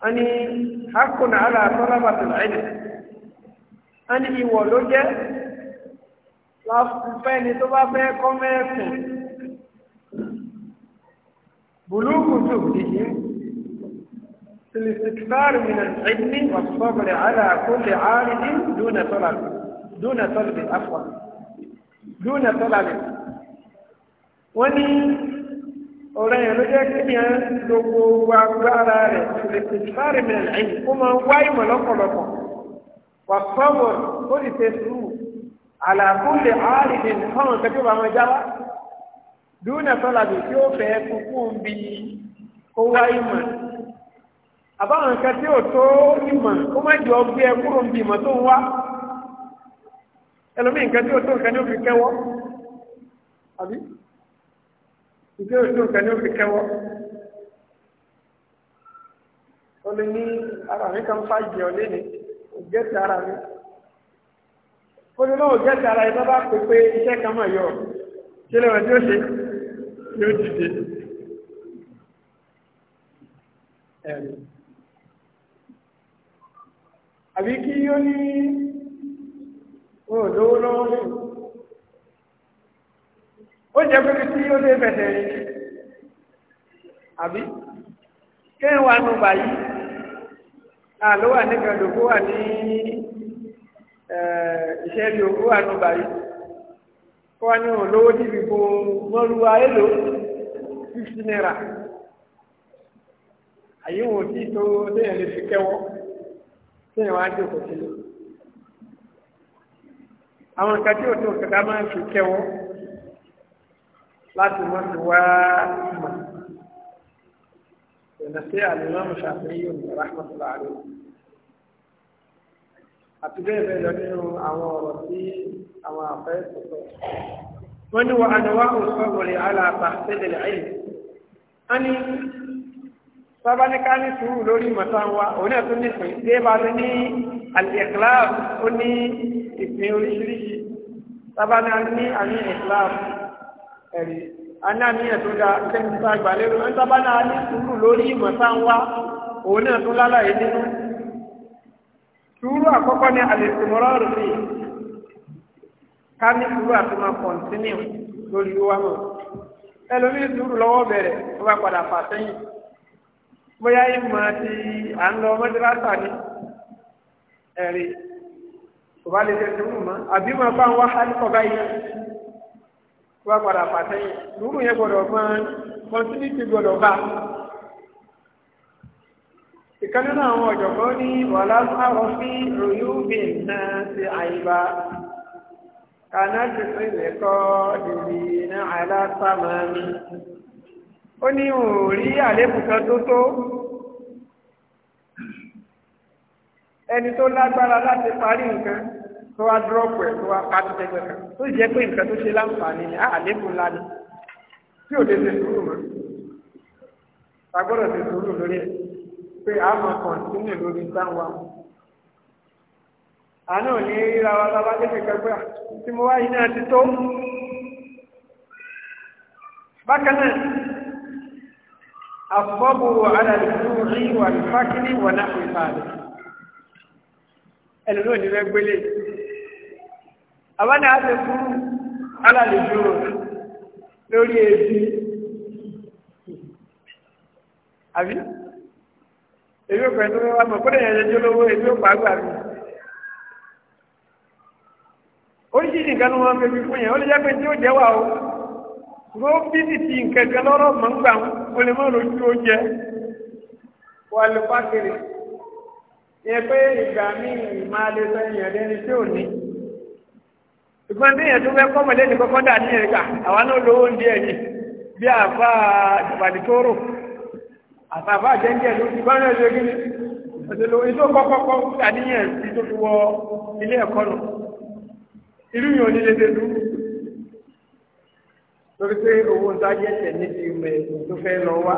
أني حق على طلبة العلم láfẹ́ni tó bá fẹ́ kọ́ mẹ́sìn bùlúùkù tó dìde silisitari mi náà ẹni wà sọ́bìrì aláàkúlẹ̀ àárídì dúnà tọ́lẹ̀bì afọ́ dúnà tọ́lẹ̀bì wọ́n ní ọ̀rẹ́ yẹn ló jẹ́ kí ni ẹ gbogbo agbára rẹ̀ silisitari mi náà ẹni kó máa wáyé mọ̀ wà sọ́bìrì ó sì tẹ̀ àlàkùnlé ali nǹkan nǹkan kati ó bá máa já wá dúnà sọ́làbì tí ó fẹ́ kúkú ń bi kó wá ìmọ̀ àbáwọn nǹkan tí ò tó ìmọ̀ kó má jọ gbé ẹ kúrò ń bi ìmọ̀ tó ń wá ẹlòmíì nǹkan tí ò tó nǹkan ní òfin kẹwọ́ àbí nǹkan tí ò tó nǹkan ní òfin kẹwọ́ ó lè ní ara mi kan fàjẹ́ ọ lé ní ìjẹ́sẹ̀ ara ó ní náà jẹ́ tara ẹ̀ bábá pè pé iṣẹ́ kan mọ̀ yọ ṣe lè wọ́n tí ó ṣe yóò dìde ẹ̀rù àbí kí ó ní òòlò lọ́wọ́ lè ó jẹ́ pé kí ó lè bẹ̀rẹ̀ rẹ̀ àbí kéwàá nù báyìí àlówà nígbàdókó wà ní ìṣẹ́rí eh, owó ànúbà yìí kó wá ní olówó níbi kó mọ́lúwa èlò fifty naira àyíwò tí tó léyìn lè fi kẹ́wọ́ léyìn wá jókòó sílẹ̀ àwọn nǹkan tí ò tó kẹta máa ń fi kẹ́wọ́ láti mọ́ sí wá mà ìrìnàṣẹ́ àlùmọ́ mùsàfẹ́ yóò ní rahmatullahi alayhi àti bẹ́ẹ̀ bẹ́ẹ̀ lọ nínú àwọn ọ̀rọ̀ tí àwọn àfẹ́ sọ̀tọ̀. wọ́n ní wọ́n àdánwà òṣùwọ̀rẹ̀ aláàbà tẹ́lẹ̀ ayé. a ní sábàníká ní sùúrù lórí ìmọ̀ta wa òun náà tún nípìn dé bá ti ní al-ikhlas ó ní ìpín oríṣiríṣi sábàní ní àní ikhlas ẹ̀rí a ní àníyàn tó dáa kẹ́ńtà gbàlérò ń sábàní ní sùúrù lórí ìmọ̀ta wa òun náà tún lálàyé nínú sùúrù àkọ́kọ́ ni àlèsìmọ́rọ́ rẹ̀ fi ká ní sùúrù àti máa kọ̀ǹtínú lórí wa mọ̀ ẹlòmíì sùúrù lọ́wọ́ bẹ̀rẹ̀ tó bá padà fà sẹ́yìn bóyá ìmọ̀ àti à ń lọ mọ́tíráṣà ni ẹ̀rí kò bá lè ṣe sùúrù mọ́ àbí máa bá ń wá hálíkọ̀ báyìí tó bá padà fà sẹ́yìn sùúrù yẹn gbọ́dọ̀ máa kọ̀ǹtínú ti gbọ́dọ̀ bá ìkanínú àwọn ọ̀jọ̀gbọ́n ní wàlá sáwọ́ fí ròyúbì náà ti àyíbá kanáàtì fún ìlẹ́kọ́ ìrì ní aláṣàmàmì ó ní òórí àlébùkan tó tó ẹni tó lágbára láti parí nǹkan tó wá dúrọ́pù ẹ̀ tó wá pàtó tẹgbẹ́ kan tó jẹ́ pé nǹkan tó ṣe láǹfààní ni àlébù ńlá ni tí ò lè ṣe sùúrù mọ́ ta gbọ́dọ̀ ṣe sùúrù lórí ẹ̀ pé a mọ̀ kọ̀ǹtínú lórí táwa àánú ò ní ríra wa bá bá débi kẹgbẹ́ ah, tí mo wá yìí náà ti tó bákan náà àfọ́bùrù alàlùfù rí wà ní fákìlì wà náà kò ìfàlẹ̀ ẹlòmí ò ní fẹ́ àwọn náà ti fún alàlùfù lórí èébì àbí èmi ò pẹ̀lú wa mọ̀ kó dẹ̀yẹ̀ jẹjọ́ lówó èmi ò pàgbà mi. oríṣiríṣi nǹkan ló máa ń fẹ́mi fún yẹn ó lè jẹ́ pé tí ó jẹ́ wà o ló bí ti ti nǹkan kan lọ́rọ̀ mọ̀ ń gbà ń o lè má lójú oúnjẹ wà lè pa kiri yẹ pé ìgbà míì máa lè sọ èèyàn lẹ́ni tí ò ní ṣùgbọ́n bí èèyàn tó fẹ́ kọ́ mọ̀lẹ́ni kọ́kọ́ dà ní ẹ̀ka àwa náà lówó ń di bí àfa àdìpàdì tó rò àtàbà jẹ́ńjẹ́ ló ti bọ́rẹ̀ ṣe kí ni òṣèlú iṣó kọ́kọ́kọ́ ṣàníyàn sí tó fi wọ ilé lórí pé owó ń dájẹ́ tẹ̀ níbi ìmọ̀ tó fẹ́ lọ wá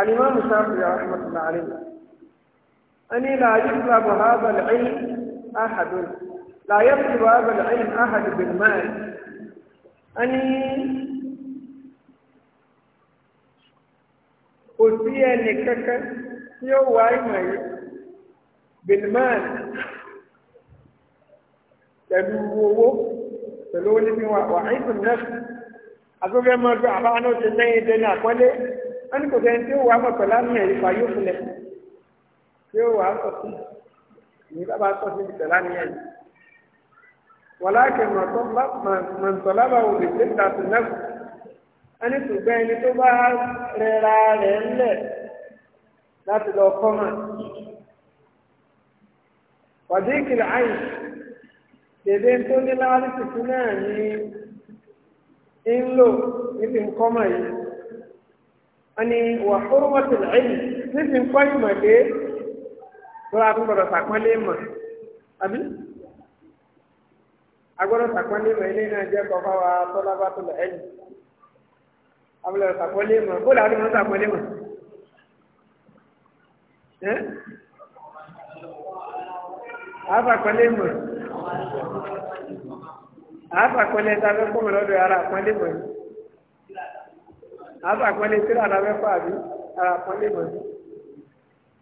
alimami sáfìyà rahmatullahi alayhi ani la yuslabu hadha al-ilm ahadun la yuslabu hadha al-ilm ahadun bil kò sí ẹnì kankan tí ó wá ìmọ̀ yìí bilman pẹ̀lú owó pẹ̀lú owó níbi wà áìsùn náà àtúnfẹ́ mọ́ ọdún àbá náà ti lẹ́yìn dẹni àkọ́lé wọ́n ní kò sẹ́ni tí ó wà mọ̀ pẹ̀lú àmì ẹ̀yìn fà yóò tí ó wà sọ sí ní bàbá sọ sí ní pẹ̀lú àmì ẹ̀yìn wọ́n láàkì mọ̀tọ́lábà òbí tí ń dàtú a ní ṣùgbọ́n ẹni tó bá rẹra rẹ̀ ńlẹ̀ láti lọ kọ́mà wàdí ìkìlẹ̀ àyè dèdè tó ní lárísìkú náà ní ń lò níbi kọ́mà yìí a ní wà hórówọ́tì lẹ́yìn níbi kọ́ ìmọ̀ dé tó a tún gbọdọ̀ sàpọ́nlé mọ̀ àbí agbọ́dọ̀ sàpọ́nlé mọ̀ ilé náà jẹ́ kọ́ fáwa tọ́lábàtò lẹ́yìn abúlé ọ̀sàkọ́lé mọ̀ kó làwọn ọmọ ọ̀sàkọ́lé mọ̀ ẹ́ àfàkọ́lé mọ̀ àfàkọ́lé tá a fẹ́ kọ́mọ̀ lọ́dọ̀ ara àpọ́nlé mọ̀ àfàkọ́lé tí ara fẹ́ fà bí ara àpọ́nlé mọ̀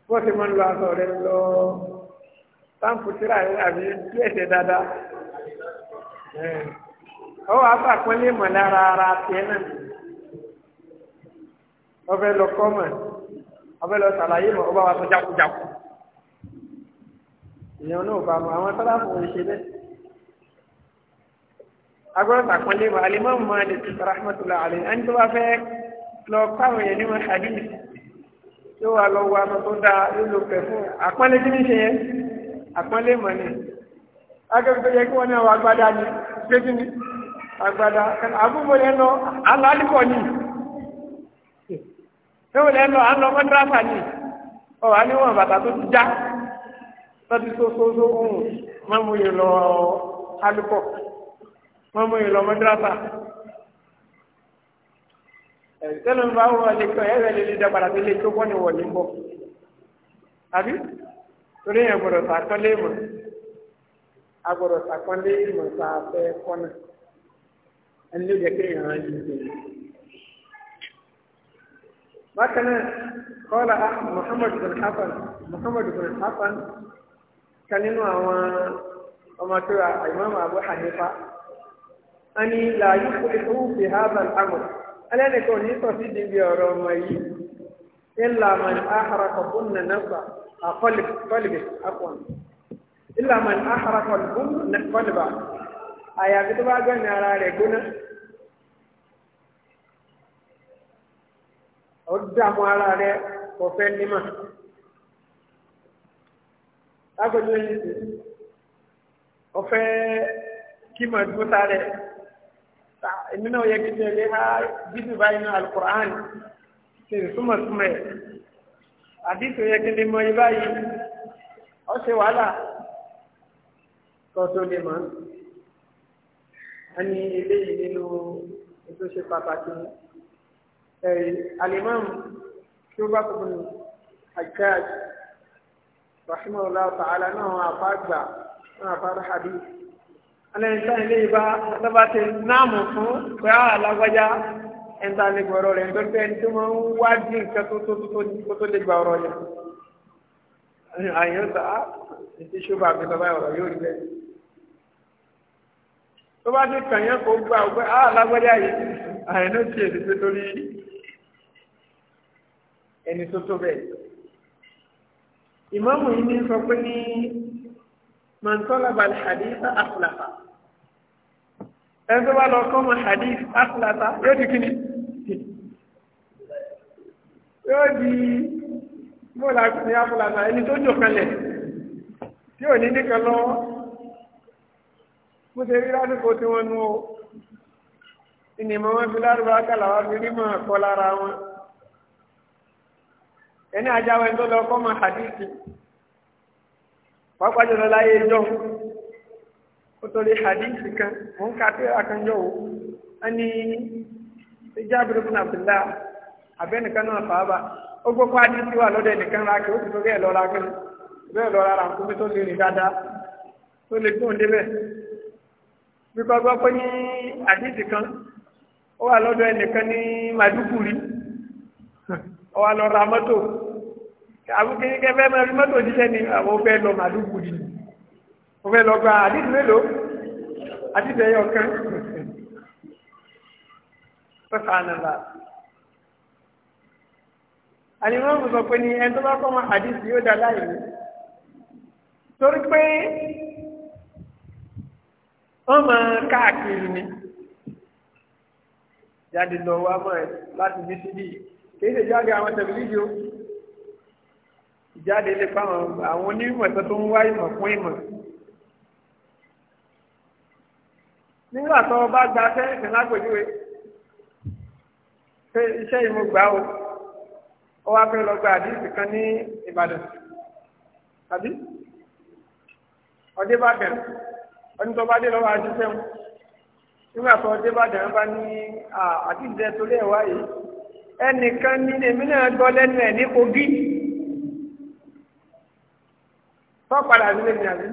bó ti mọ̀ ń lọ aṣọ rẹ lọ táǹpù tíra rẹ àbí tú ẹ̀sẹ̀ dáadáa ọ̀ àfàkọ́lé mọ̀ lára ara tiẹ̀ náà ọfẹ lọ kọmọ ọfẹ lọ sàlàyé mọ ọba wa tó jákujáku ìyẹn náà bá mọ àwọn sáláfù wọn ṣe bẹ́ẹ̀ agbọ́dọ̀ sàpọ́nlé wa alimami Malik rahmatulah alayhi ẹni tó bá fẹ́ lọ káwọn yẹn níwọ̀n hadith yóò wá lọ wọ aṣọ tó dáa yóò lọ pẹ̀ fún àpọ́nlé kí ni ṣe yẹn àpọ́nlé mọ̀ ni akẹ́kọ̀ọ́ tó yẹ kí wọ́n ní àwọn agbádá ni pé kí ni agbádá yẹn lọ alálùkọ ni fẹ́wọ̀n lẹ́nu à ń lọ mọ́tíráfà ni ọ̀ á níwọ̀n bàtà tó ti já lọ́dí sósóso ohun mọ́mú yìí lọ alùpọ̀ mọ́mú yìí lọ mọ́tíráfà. ẹ̀sẹ̀lẹ̀ ń bá wọn lè kọ́ ẹ̀rẹ́ lè lè dá padà sí lè tó kọ́ ni wọ̀ ní bọ̀ àbí torí yẹn gbọ́dọ̀ sàkọ́lé mọ̀ agbọ́dọ̀ sàkọ́lé mọ̀ sàfẹ́ kọ́nà ẹni ló yẹ kéèyàn á yí ìgbéyàwó bákan náà kọ́lá muhammad bin hasan muhammad bin hasan kan nínú àwọn ọmọ tó ra imam abu hanifa a ní làyé kúlẹ̀ tó wù fi hasan amọ̀ alẹ́nìkan ní sọ́sí dìbì ọ̀rọ̀ ọmọ yìí illa man ahraka bunna nafsa aqalib qalbi aqwan illa man ahraka bunna qalba àyàfi tó bá gbẹ̀mí gbóná ó dààmú ara rẹ kò fẹ́ nímọ̀ lágbègbè yìí sí ó fẹ́ kí mà dúró ta rẹ èmi náà yẹ kí tẹ̀lé ha bíbí báyìí náà alukur'an sì súnmọ̀súnmọ̀ ẹ̀ àdìsí yẹ kí ni mọ ibà yìí ó ṣe wàhálà tọ́tọ́ lè mọ̀ á eléyìí nínú ètò ṣe pàtàkì Eh, alimami tí ó bá tó fún hajjaj rahimahullah ta'ala náà àfáàgbà náà àfáàrà hadith alẹ́nìtàn ilé ìbá lọ́ba ti náàmù fún pé àwọn ah, alágbájá ẹ̀ńtà lè gbọ́ ọ̀rọ̀ rẹ̀ nítorí pé ẹni tó máa ń wádìí nǹkan tó tó tó tó lè gba ọ̀rọ̀ yẹn àyàn sá ètò ìṣòro àmì lọ́ba ọ̀rọ̀ yóò rí bẹ́ẹ̀. tó bá ti kàn yẹn kó gbà wípé àwọn ah, alágbájá yìí àyàn náà ti èdè pé lórí ẹni tó tó bẹ́ẹ̀. ìmáàmù yìí ní sọ pé ní mọ̀ntọ́lá balẹ̀ hadith aflafa ẹni tó bá lọ kọ́ mọ̀ hadith aflafa yóò di kíni yóò di bóòlù àti aflafa ẹni tó jò kalẹ̀ tí ò ní nìkan lọ mo ṣe rí lásìkò tí wọ́n nu o ìnìmọ̀ wọn fi lárúbá kàlà wá fi rí mọ̀ ọ̀kọ́ lára wọn. ẹni ajáwé tó lọ kọ́ máa hadithi wọ́n láyé ẹjọ́ ó torí hadithi kan mò ń ka pé akanjọ́ o ẹni Jabir ibn Abdullah abẹ́nìkan náà fàábà ó gbọ́ hadithi wà ẹnìkan ra ó sì torí ẹ̀ kan bẹ́ẹ̀ lọ́ra tó lè rìn dáadáa tó lè débẹ̀ pé ní hadithi kan ó wà lọ́dọ̀ ẹnìkan ní ọwọ́ lọ ra mọ́tò àbúkẹ́ kẹ́ fẹ́ máa rí mọ́tò ṣiṣẹ́ ni àwọn ah, fẹ́ lọ màlúù ni mo fẹ́ lọ gba àdìsí mélòó àdìsí ẹyọ kan pẹ́fà nàlá àníwọ̀n mo sọ pé ní ẹni tó bá kọ́ mọ àdìsí yóò dá láì ní torí pé wọ́n máa káàkiri ni jáde lọ wá mọ́ ẹ láti bí síbí yìí kìí ṣe jáde àwọn tẹ̀bílíjì o ìjáde lè pa àwọn onímọ̀ ẹ̀tọ́ tó ń wá ìmọ̀ fún ìmọ̀ nígbà tó o bá gba sẹ́ẹ̀sì lágbèjúwe pé iṣẹ́ yìí mo gbà o ó wá fẹ́ lọ gba àdìsí kan ní Ìbàdàn àbí ọdẹ bá bẹ̀rẹ̀ ọdún tó bá dé lọ́wọ́ àdìsẹ́ wọn nígbà tó ọdẹ bá bẹ̀rẹ̀ bá ní àdìsẹ́ torí ẹ̀ wá ẹnìkan ní èmi náà gbọ́ lẹ́nu ẹ̀ ní Kogi tó padà sílé ní àbí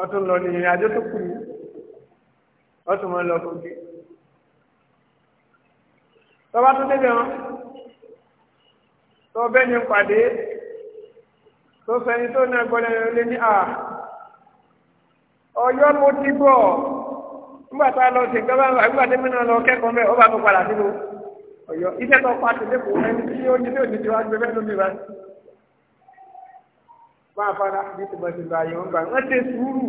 ọtún lọ ní ìrìn àjò tó kù ní ọtún mọ́ lọ Kogi tọ́ba tó débi wọn tó bẹ́ẹ̀ ní pàdé tó sẹ́ni tó náà gbọ́ lẹ́nu lé ní à ọ̀yọ́ mo ti gbọ́ nígbà tá a lọ sí nǹkan bá ń bá nígbà tí mi náà lọ kẹ́kọ̀ọ́ mẹ́ ọ bá padà sílùú ọ̀yọ́ iṣẹ́ tó pa tẹ̀lé kò ẹni tí ó nílé òní tí wàá gbé fẹ́ẹ́ lómi báyìí. máa fara bí tìmọ̀ ti lọ àyè wọn gbà wọ́n ṣe sùúrù.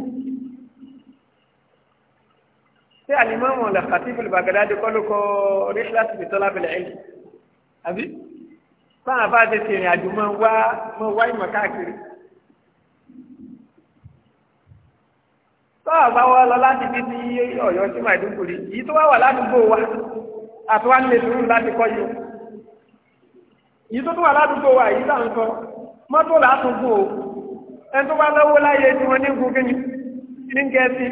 ṣé àlìmọ́ọ̀mù làkàtìfù lùbàgàdàdì kọ́ ló kọ́ ríṣíláṣì fi tọ́lá bẹ̀rẹ̀ ẹ̀yìn àbí? báwọn bá ti ṣèrìn àjò mọ́ wá mọ́ wá ìmọ̀ káàkiri. tọ́ọ̀ bá wọ́ lọ láti bí ti Ọ̀yọ́ sí Maiduguri yìí tó wá wà ládùúgbò wa. àti wá nílé sùúrù láti kọ́ yìí yìí tó tún wà ládùúgbò wa yìí là ń sọ mọ́tò látùgbò o ẹni tó bá lọ́wọ́ láyé tí wọ́n ní gun kíni ní gẹ̀ẹ́sì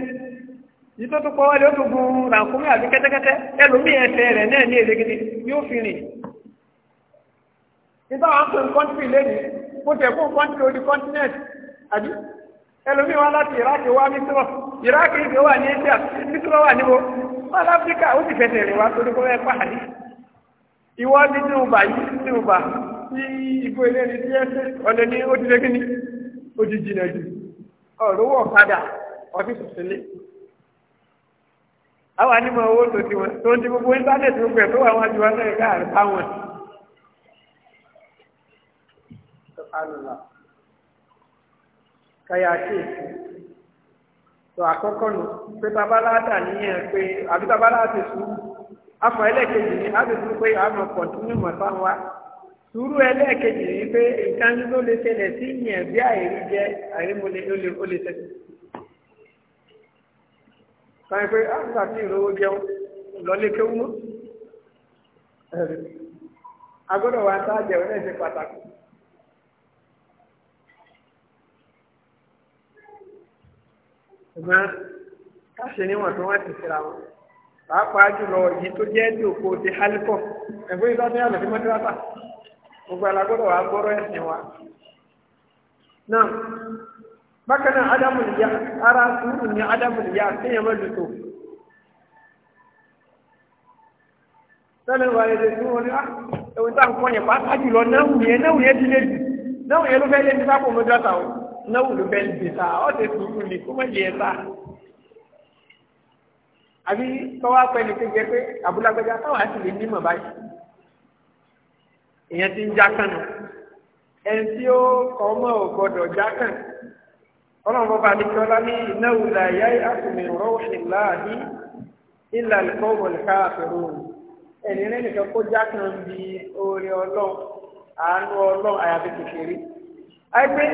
yìí tó tún pọ́wọ́lé ó tún gun ràǹkúmí àti kẹ́tẹ́kẹ́tẹ́ ẹlòmíì ẹsẹ̀ rẹ̀ náà ní èdè yóò fi rìn nígbà wọn pè ní lẹ́nu tẹ̀ fún ẹlòmíì wá láti iraki wá mísírọ̀ iraki ìgbé wà ní asia mísírọ̀ wà níbo wọn láfíríkà ó sì fẹsẹ̀ rìn wá torí kó fẹ́ pàdé ìwọ ní tinubu yìí tinubu tí ìbò ilé ní díẹ̀ ọ̀nà ní ó ti lé kíní ó ti jìnà jù ọ̀rọ̀wọ̀ ọ̀kadà ọ̀fíìsì sílé àwọn anímọ̀ owó tó ti wọn tó ń di gbogbo íńtánẹ̀tì gbogbo ẹ̀ tó wà wọn káyà kéèkì tó àkọ́kọ́ nù pé babaláda níyẹn pé àbí babaláda ti su afọ ẹlẹ́ẹ̀kejì ni a ya sùn pé àwọn kọ̀tínú mọ̀tá wa sùúrù ni pé nǹkan ló lè ṣẹlẹ̀ sí yẹn bí àìrí jẹ́ àìrímọ̀ ó lè ṣẹlẹ̀. sáyẹn pé àgbà ah, tí ìrówó jẹun lọlé kéwú ṣùgbọ́n káṣe níwọ̀n tó wọ́n ti fira wọn pàápàá jùlọ èyí tó jẹ́ ní òkú ti hálíkọ̀ ẹ̀fọ́ yìí lọ́dún yàtọ̀ sí mọ́tíráta gbogbo alágbọ́dọ̀ wà gbọ́rọ̀ ẹ̀sìn wa. náà bákan náà ádámù nìyá ara sùúrù ní ádámù nìyá kéèyàn mọ́ lùtò. sọ́nà ìwà èdè tí wọ́n ní ah, ẹ̀wọ̀n tá à ń kọ́ yẹn pàápàá jùlọ náà wùyẹn náà wùyẹn ti lé jù náà wùyẹn ló fẹ́ lé ní sápò mọ́tíráta o nawulu bẹ́ẹ̀ ti sa ọ́ ti sùúrù ni kó má yẹ sa. àbí tọ́wọ́ pẹ́ ni kékeré pé abúlágbẹ́já táwọn àti lè nímọ̀ báyìí. ìyẹn ti ń já kànù ẹni tí ó kọ́ mọ́ ò gbọ́dọ̀ já kàn. ọlọ́run bọ́ba adékọ́lá ní ìnáwó la yá àkùnrin rọ́wọ́ ìlàhí ìlà ìkọ́wọ̀ ìka àfẹ́rù ẹni rẹ̀ nìkan kó já kàn bí oore ọlọ́run àánú ọlọ́run àyàfi kékeré. àìpé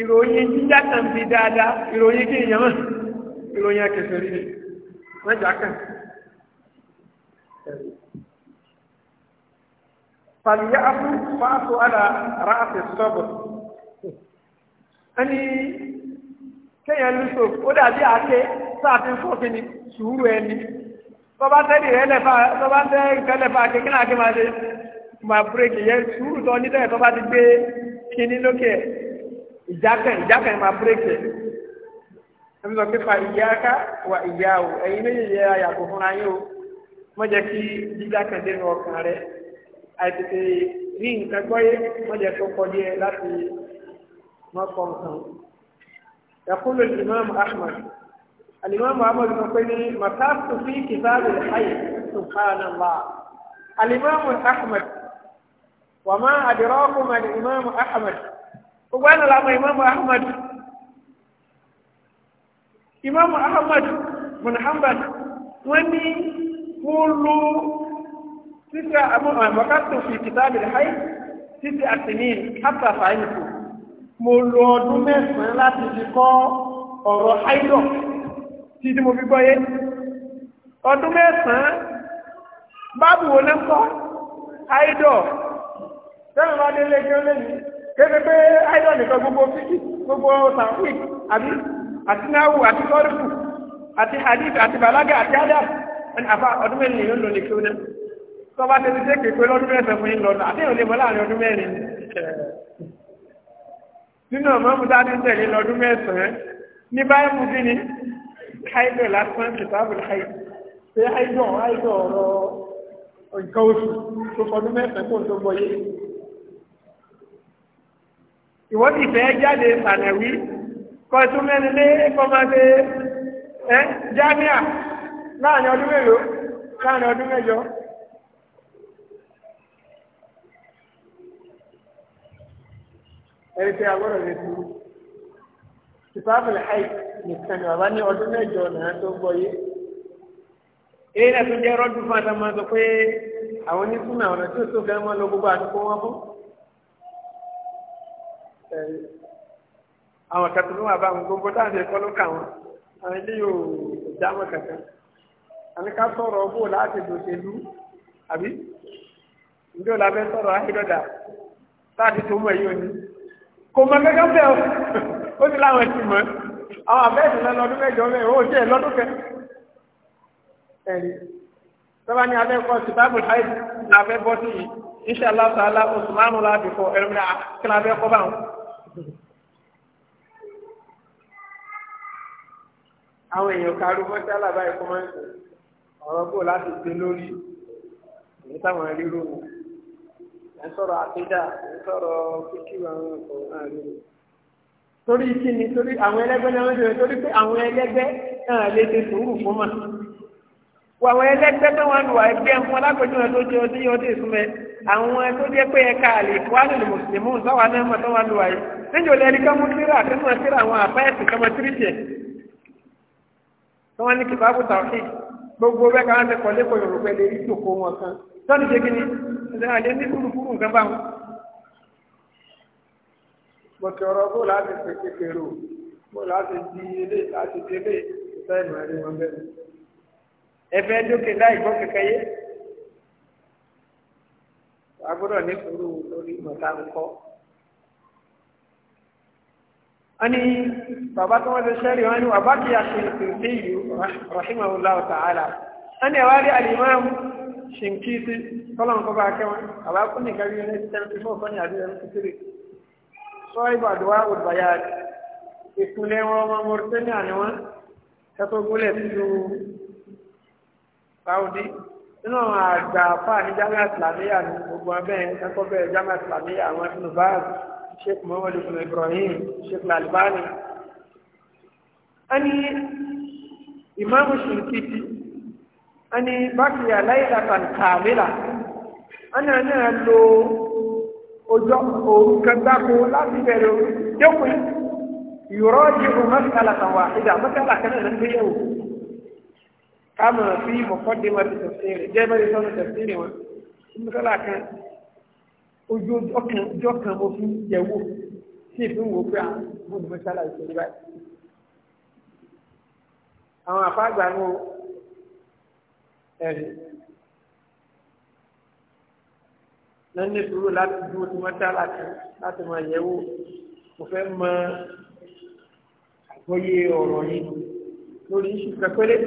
ìròyìn jíjá kan fi dáadáa ìròyìn kí èèyàn mọ̀ ìròyìn akẹsẹ̀ rí ni wọ́n jà kàn. fàlùyà afú fàáfù àlà ráàfẹ̀ sọ́bọ̀ ẹni kéèyàn lùsò ó dàbí àáké sáàfin fọ́ọ̀kì ni sùúrù ẹni tọ́ba tẹ́lẹ̀ rẹ̀ lẹ́fà tọ́ba tẹ́lẹ̀ rẹ̀ lẹ́fà kékeré àti máa ṣe máa búrẹ́kì yẹn sùúrù tọ́ nítorí tọ́ba ti gbé ìjákẹ́ ìjákẹ́ yẹn máa bírèkì ẹ̀ ẹ̀ sọ pé fa ìyáká wa ìyá o ẹ̀yin méjèèjì ẹ̀ yàgò fúnra yín o wọ́n jẹ́ kí jíjá kan dénú ọkàn rẹ̀ àìtètè rí nǹkan gbọ́ yé wọ́n jẹ́ tó kọjú ẹ láti mọ́kọ́ nǹkan. يقول الإمام أحمد الإمام أحمد يقول مكثت في كتاب الحي سبحان الله الإمام أحمد وما أدراكم الإمام أحمد gbogbo àná la mọ ìmáàmù Ahmad ìmáàmù Ahmad bin Hanbal wọ́n ní kúlù títí àmọ́kàtò fi kìtàbí láì mo lo ọdún mẹ́sàn lati láti fi oro ọ̀rọ̀ haidọ̀ tí mo fi gbọ́yé ọdún mẹ́sàn-án báàbù wo lẹ́kọ́ haidọ̀ tẹ́lẹ̀ bá délé kí kéde pé áyọ̀ nìkan gbogbo fíjì gbogbo sàfíì àbí àti náwó àti sọ́rìfù àti hadith àti balaga àti adam ẹni àfa ọdún mẹ́rin yìí ń lò ní kí ó ná tọ́ba tẹ́lẹ̀ tẹ́ kéèké lọ́dún mẹ́sàn-án fún yín lọ́nà àti ìròlé mọ́ láàrin ọdún mẹ́rin nínú ọmọ mọ́tà ní tẹ̀lé lọ́dún mẹ́sàn-án ní báyìí mú kí ni haidu lásán kìtàbù haidu ṣé haidu ọ̀rọ̀ nǹkan oṣù tó fọdún mẹ́sàn-án kò tó gbọ́ yé ìwọ́dì fẹ́ jáde sànẹ̀wí kọ́ tún mẹ́rin lé kọ́mọ́dé ẹ́ jámíà láàrin ọdún mélòó láàrin ọdún mẹ́jọ. ẹni tí a gbọ́dọ̀ lè tu ìfàbìlì àìk nìkan ni bàbá ní ọdún mẹ́jọ náà tó gbọ́ yé èyí náà tún jẹ́ rọ́dún fún àtàwọn ọmọ sọ pé àwọn onísùnmọ̀ àwọn tí ó tó fẹ́ mọ́ lọ gbogbo àdúgbò wọn fún àwọn kan tó ń wà bá wọn gbogbo dáhùn ẹ̀kọ́ ló kà wọn àwọn ilé yóò dáhùn kankan àní ká sọ̀rọ̀ bó láti dòṣèlú àbí ìdí ò lábẹ́ sọ̀rọ̀ áhídọ́dà táàdì tó mọ̀ yìí ò ní kò mọ gẹ́gẹ́ bẹ́ẹ̀ ó ti láwọn ti mọ̀ àwọn àbẹ́ẹ̀sì lọ lọ́dún mẹ́jọ mẹ́rin ó jẹ́ lọ́dún kẹ ẹ̀rí tọ́ba ní abẹ́ kọ́ sí bible high labẹ́ bọ́tì yìí inṣàlá sàlá oṣù márùn-ún láàbì kọ ẹ̀rọ mi àwọn èèyàn karu mọ́sálà báyìí kó máa ń sè ọ̀rọ̀ kò láti gbé lórí èyí táwọn ríro wò ẹ̀ ń sọ̀rọ̀ àtẹ́jà ẹ̀ ń sọ̀rọ̀ kíkí àwọn ọkọ̀ náà ríro. torí kí ni torí àwọn ẹlẹ́gbẹ́ náà ń sọ̀rọ̀ torí pé àwọn ẹlẹ́gbẹ́ náà lè ṣe sùúrù fún mà. wọ àwọn ẹlẹ́gbẹ́ tó wọn lù wá ẹgbẹ́ ń fún alákòjú náà tó jẹ ọdún yọ ọdún ìsúnmẹ́ àwọn tó jẹ́ pé ẹ̀ka àlèkùwánì lè mùsùlùmù sọ́wọ́ náà mọ̀ tó wà lù wáyé níjò lẹ́ni ká mú síra tó mọ̀ síra àwọn àfẹ́ẹ̀sì ká mọ̀ tírì jẹ̀ tó wọ́n ní kìbáàbù tàwọ́kì gbogbo bẹ́ẹ̀ káwọn ti kọ́lé kọ yorùbá lè rí ìjòkó wọn kan tọ́ni jẹ́ kíni ṣe àlẹ́ ní kúrukúrú nǹkan bá wọn. bọ̀tì ọ̀rọ̀ bó láti fi kékeré o bó láti di ilé láti di ilé ìfẹ́ ìmọ̀ a gbọ́dọ̀ ní kúrú lórí mọ̀tá ń Ani wọ́n ní bàbá tó wọ́n ti ṣẹ́rí wọn ní bàbá kìí àṣìṣe sí ìlú rahimahullahu ta'ala Ani ní alimam, alimami ṣìǹkìtì kọ́lọ̀n kọ́ bá kẹwọn àbá kún ní kárí ẹni tí tẹ́lẹ̀ fún ọ̀fọ́ ní àdúrà ní kúkúrì sọ ibà àdúrà òdùbáyà ìpínlẹ̀ wọn ọmọ Mauritania ni wọ́n kẹ́tọ́ gúnlẹ̀ sílùú Saudi nínú àwọn àgbà àfáà ní jamiu islamiyah ní gbogbo abẹ́ ẹ̀kọ́ bẹ́ẹ̀ jamiu islamiyah àwọn ibùdó báàgì sheikh muhammadu bin ibrahim sheikh lalibani ani imaamu shinkiti ani bakiya layla kan kamila ani ani a lo ọjọ́ òru kan gbáko láti bẹ̀rẹ̀ òru dẹ́kun yọrọ jẹ́ òun mọ́sálà kan wà ìdá mọ́sálà kan náà ló gbé yẹ̀wò káàmù sí mọ̀kọ́dé wọn ti tẹ̀síìrì jẹ́ bẹ́ẹ̀ sọ́nà tẹ̀síìrì wọn ní sọ́là kan ojú ọkàn ojú ọkàn mo fi yẹ̀ wò sí ìfún wò pé àwọn ah, bóòlù mọ́ṣálà ìṣèlú báyìí. àwọn àfáàgbà ní ẹ̀rí lẹ́nu ìṣòro láti dúró tí mọ́ṣálà kan láti máa yẹ̀ wò mo fẹ́ mọ àgbọ́yé ọ̀rọ̀ yìí lórí iṣu kẹpẹ́lẹ́.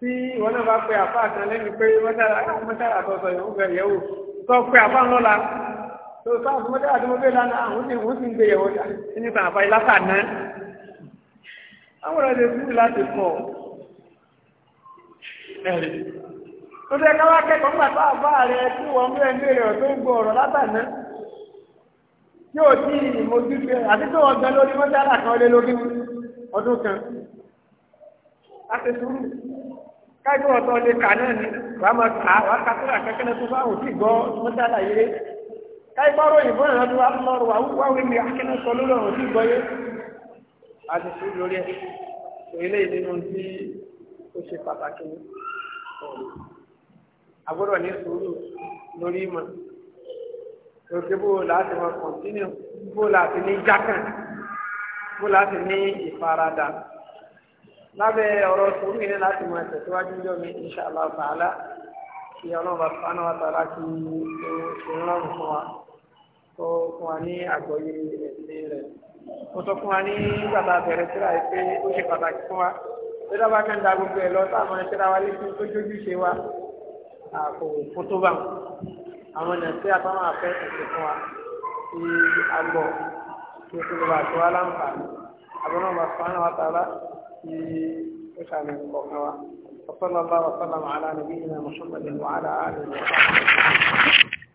tí wọn náà bá pe àfa pé mọ́tàlá àtọ̀tọ̀ yòówù fẹ́ yẹ̀wò tó pe àfa ńlọ la tó sáà tó mọ́tàlá tó lánàá àwọn wọ́n ti ń gbé yẹ̀wò ẹni tàn àfa ìlàkà náà àwọn ọ̀rẹ́ ti kú láti pọ̀ ẹ̀rí tó fẹ́ ká wá kẹ́kọ̀ọ́ nígbà tó tí wọ́n mú ẹni rẹ̀ tó ń gbọ́ ọ̀rọ̀ látàná yóò tí káàkiri ọ̀tọ̀ lè kà náà ni wàá máa kà á wàá kakúrò àkẹ́kẹ́ tó bá òtí gbọ́ mọ́tàlá yé káàkiri òyìnbó náà tó wàá lọ́rọ̀ wàá wí mi akẹ́kẹ́ sọ lórí ọ̀rọ̀ òtí gbọ́ yé àdìsí lórí ẹ̀ ilé nínú tí ó ṣe pàtàkì ní agbọ́dọ̀ ní sùúrù lórí ìmọ̀ lókè bó láti máa kọ̀ntínú bó láti ní jákàn bó láti ní ìfaradà lábẹ́ ọ̀rọ̀ sùúrù yìí láti máa tẹ̀síwájú jọ mi inṣàlá fàálà kí ọlọ́run bá fánà wà tààrà kí o ṣe rọrùn fún wa kó fún wa ní àgbọ́yé ẹ̀sìn rẹ̀ mo sọ fún wa ní bàbá bẹ̀rẹ̀ síra yìí pé ó ṣe pàtàkì fún wa pé dábàá kan da gbogbo ẹ̀ lọ táwọn ẹ̀ṣẹ́ra wa létí tó jójú ṣe wa àpò fún tó bá wọn àwọn ènìyàn tí àtàwọn afẹ́ ẹ̀sìn fún wa ti àgbọ̀ kí o tó lè tí ó ṣàmì kọ̀ọ̀kan wa. وصلى الله وسلم على نبينا محمد وعلى اله وصحبه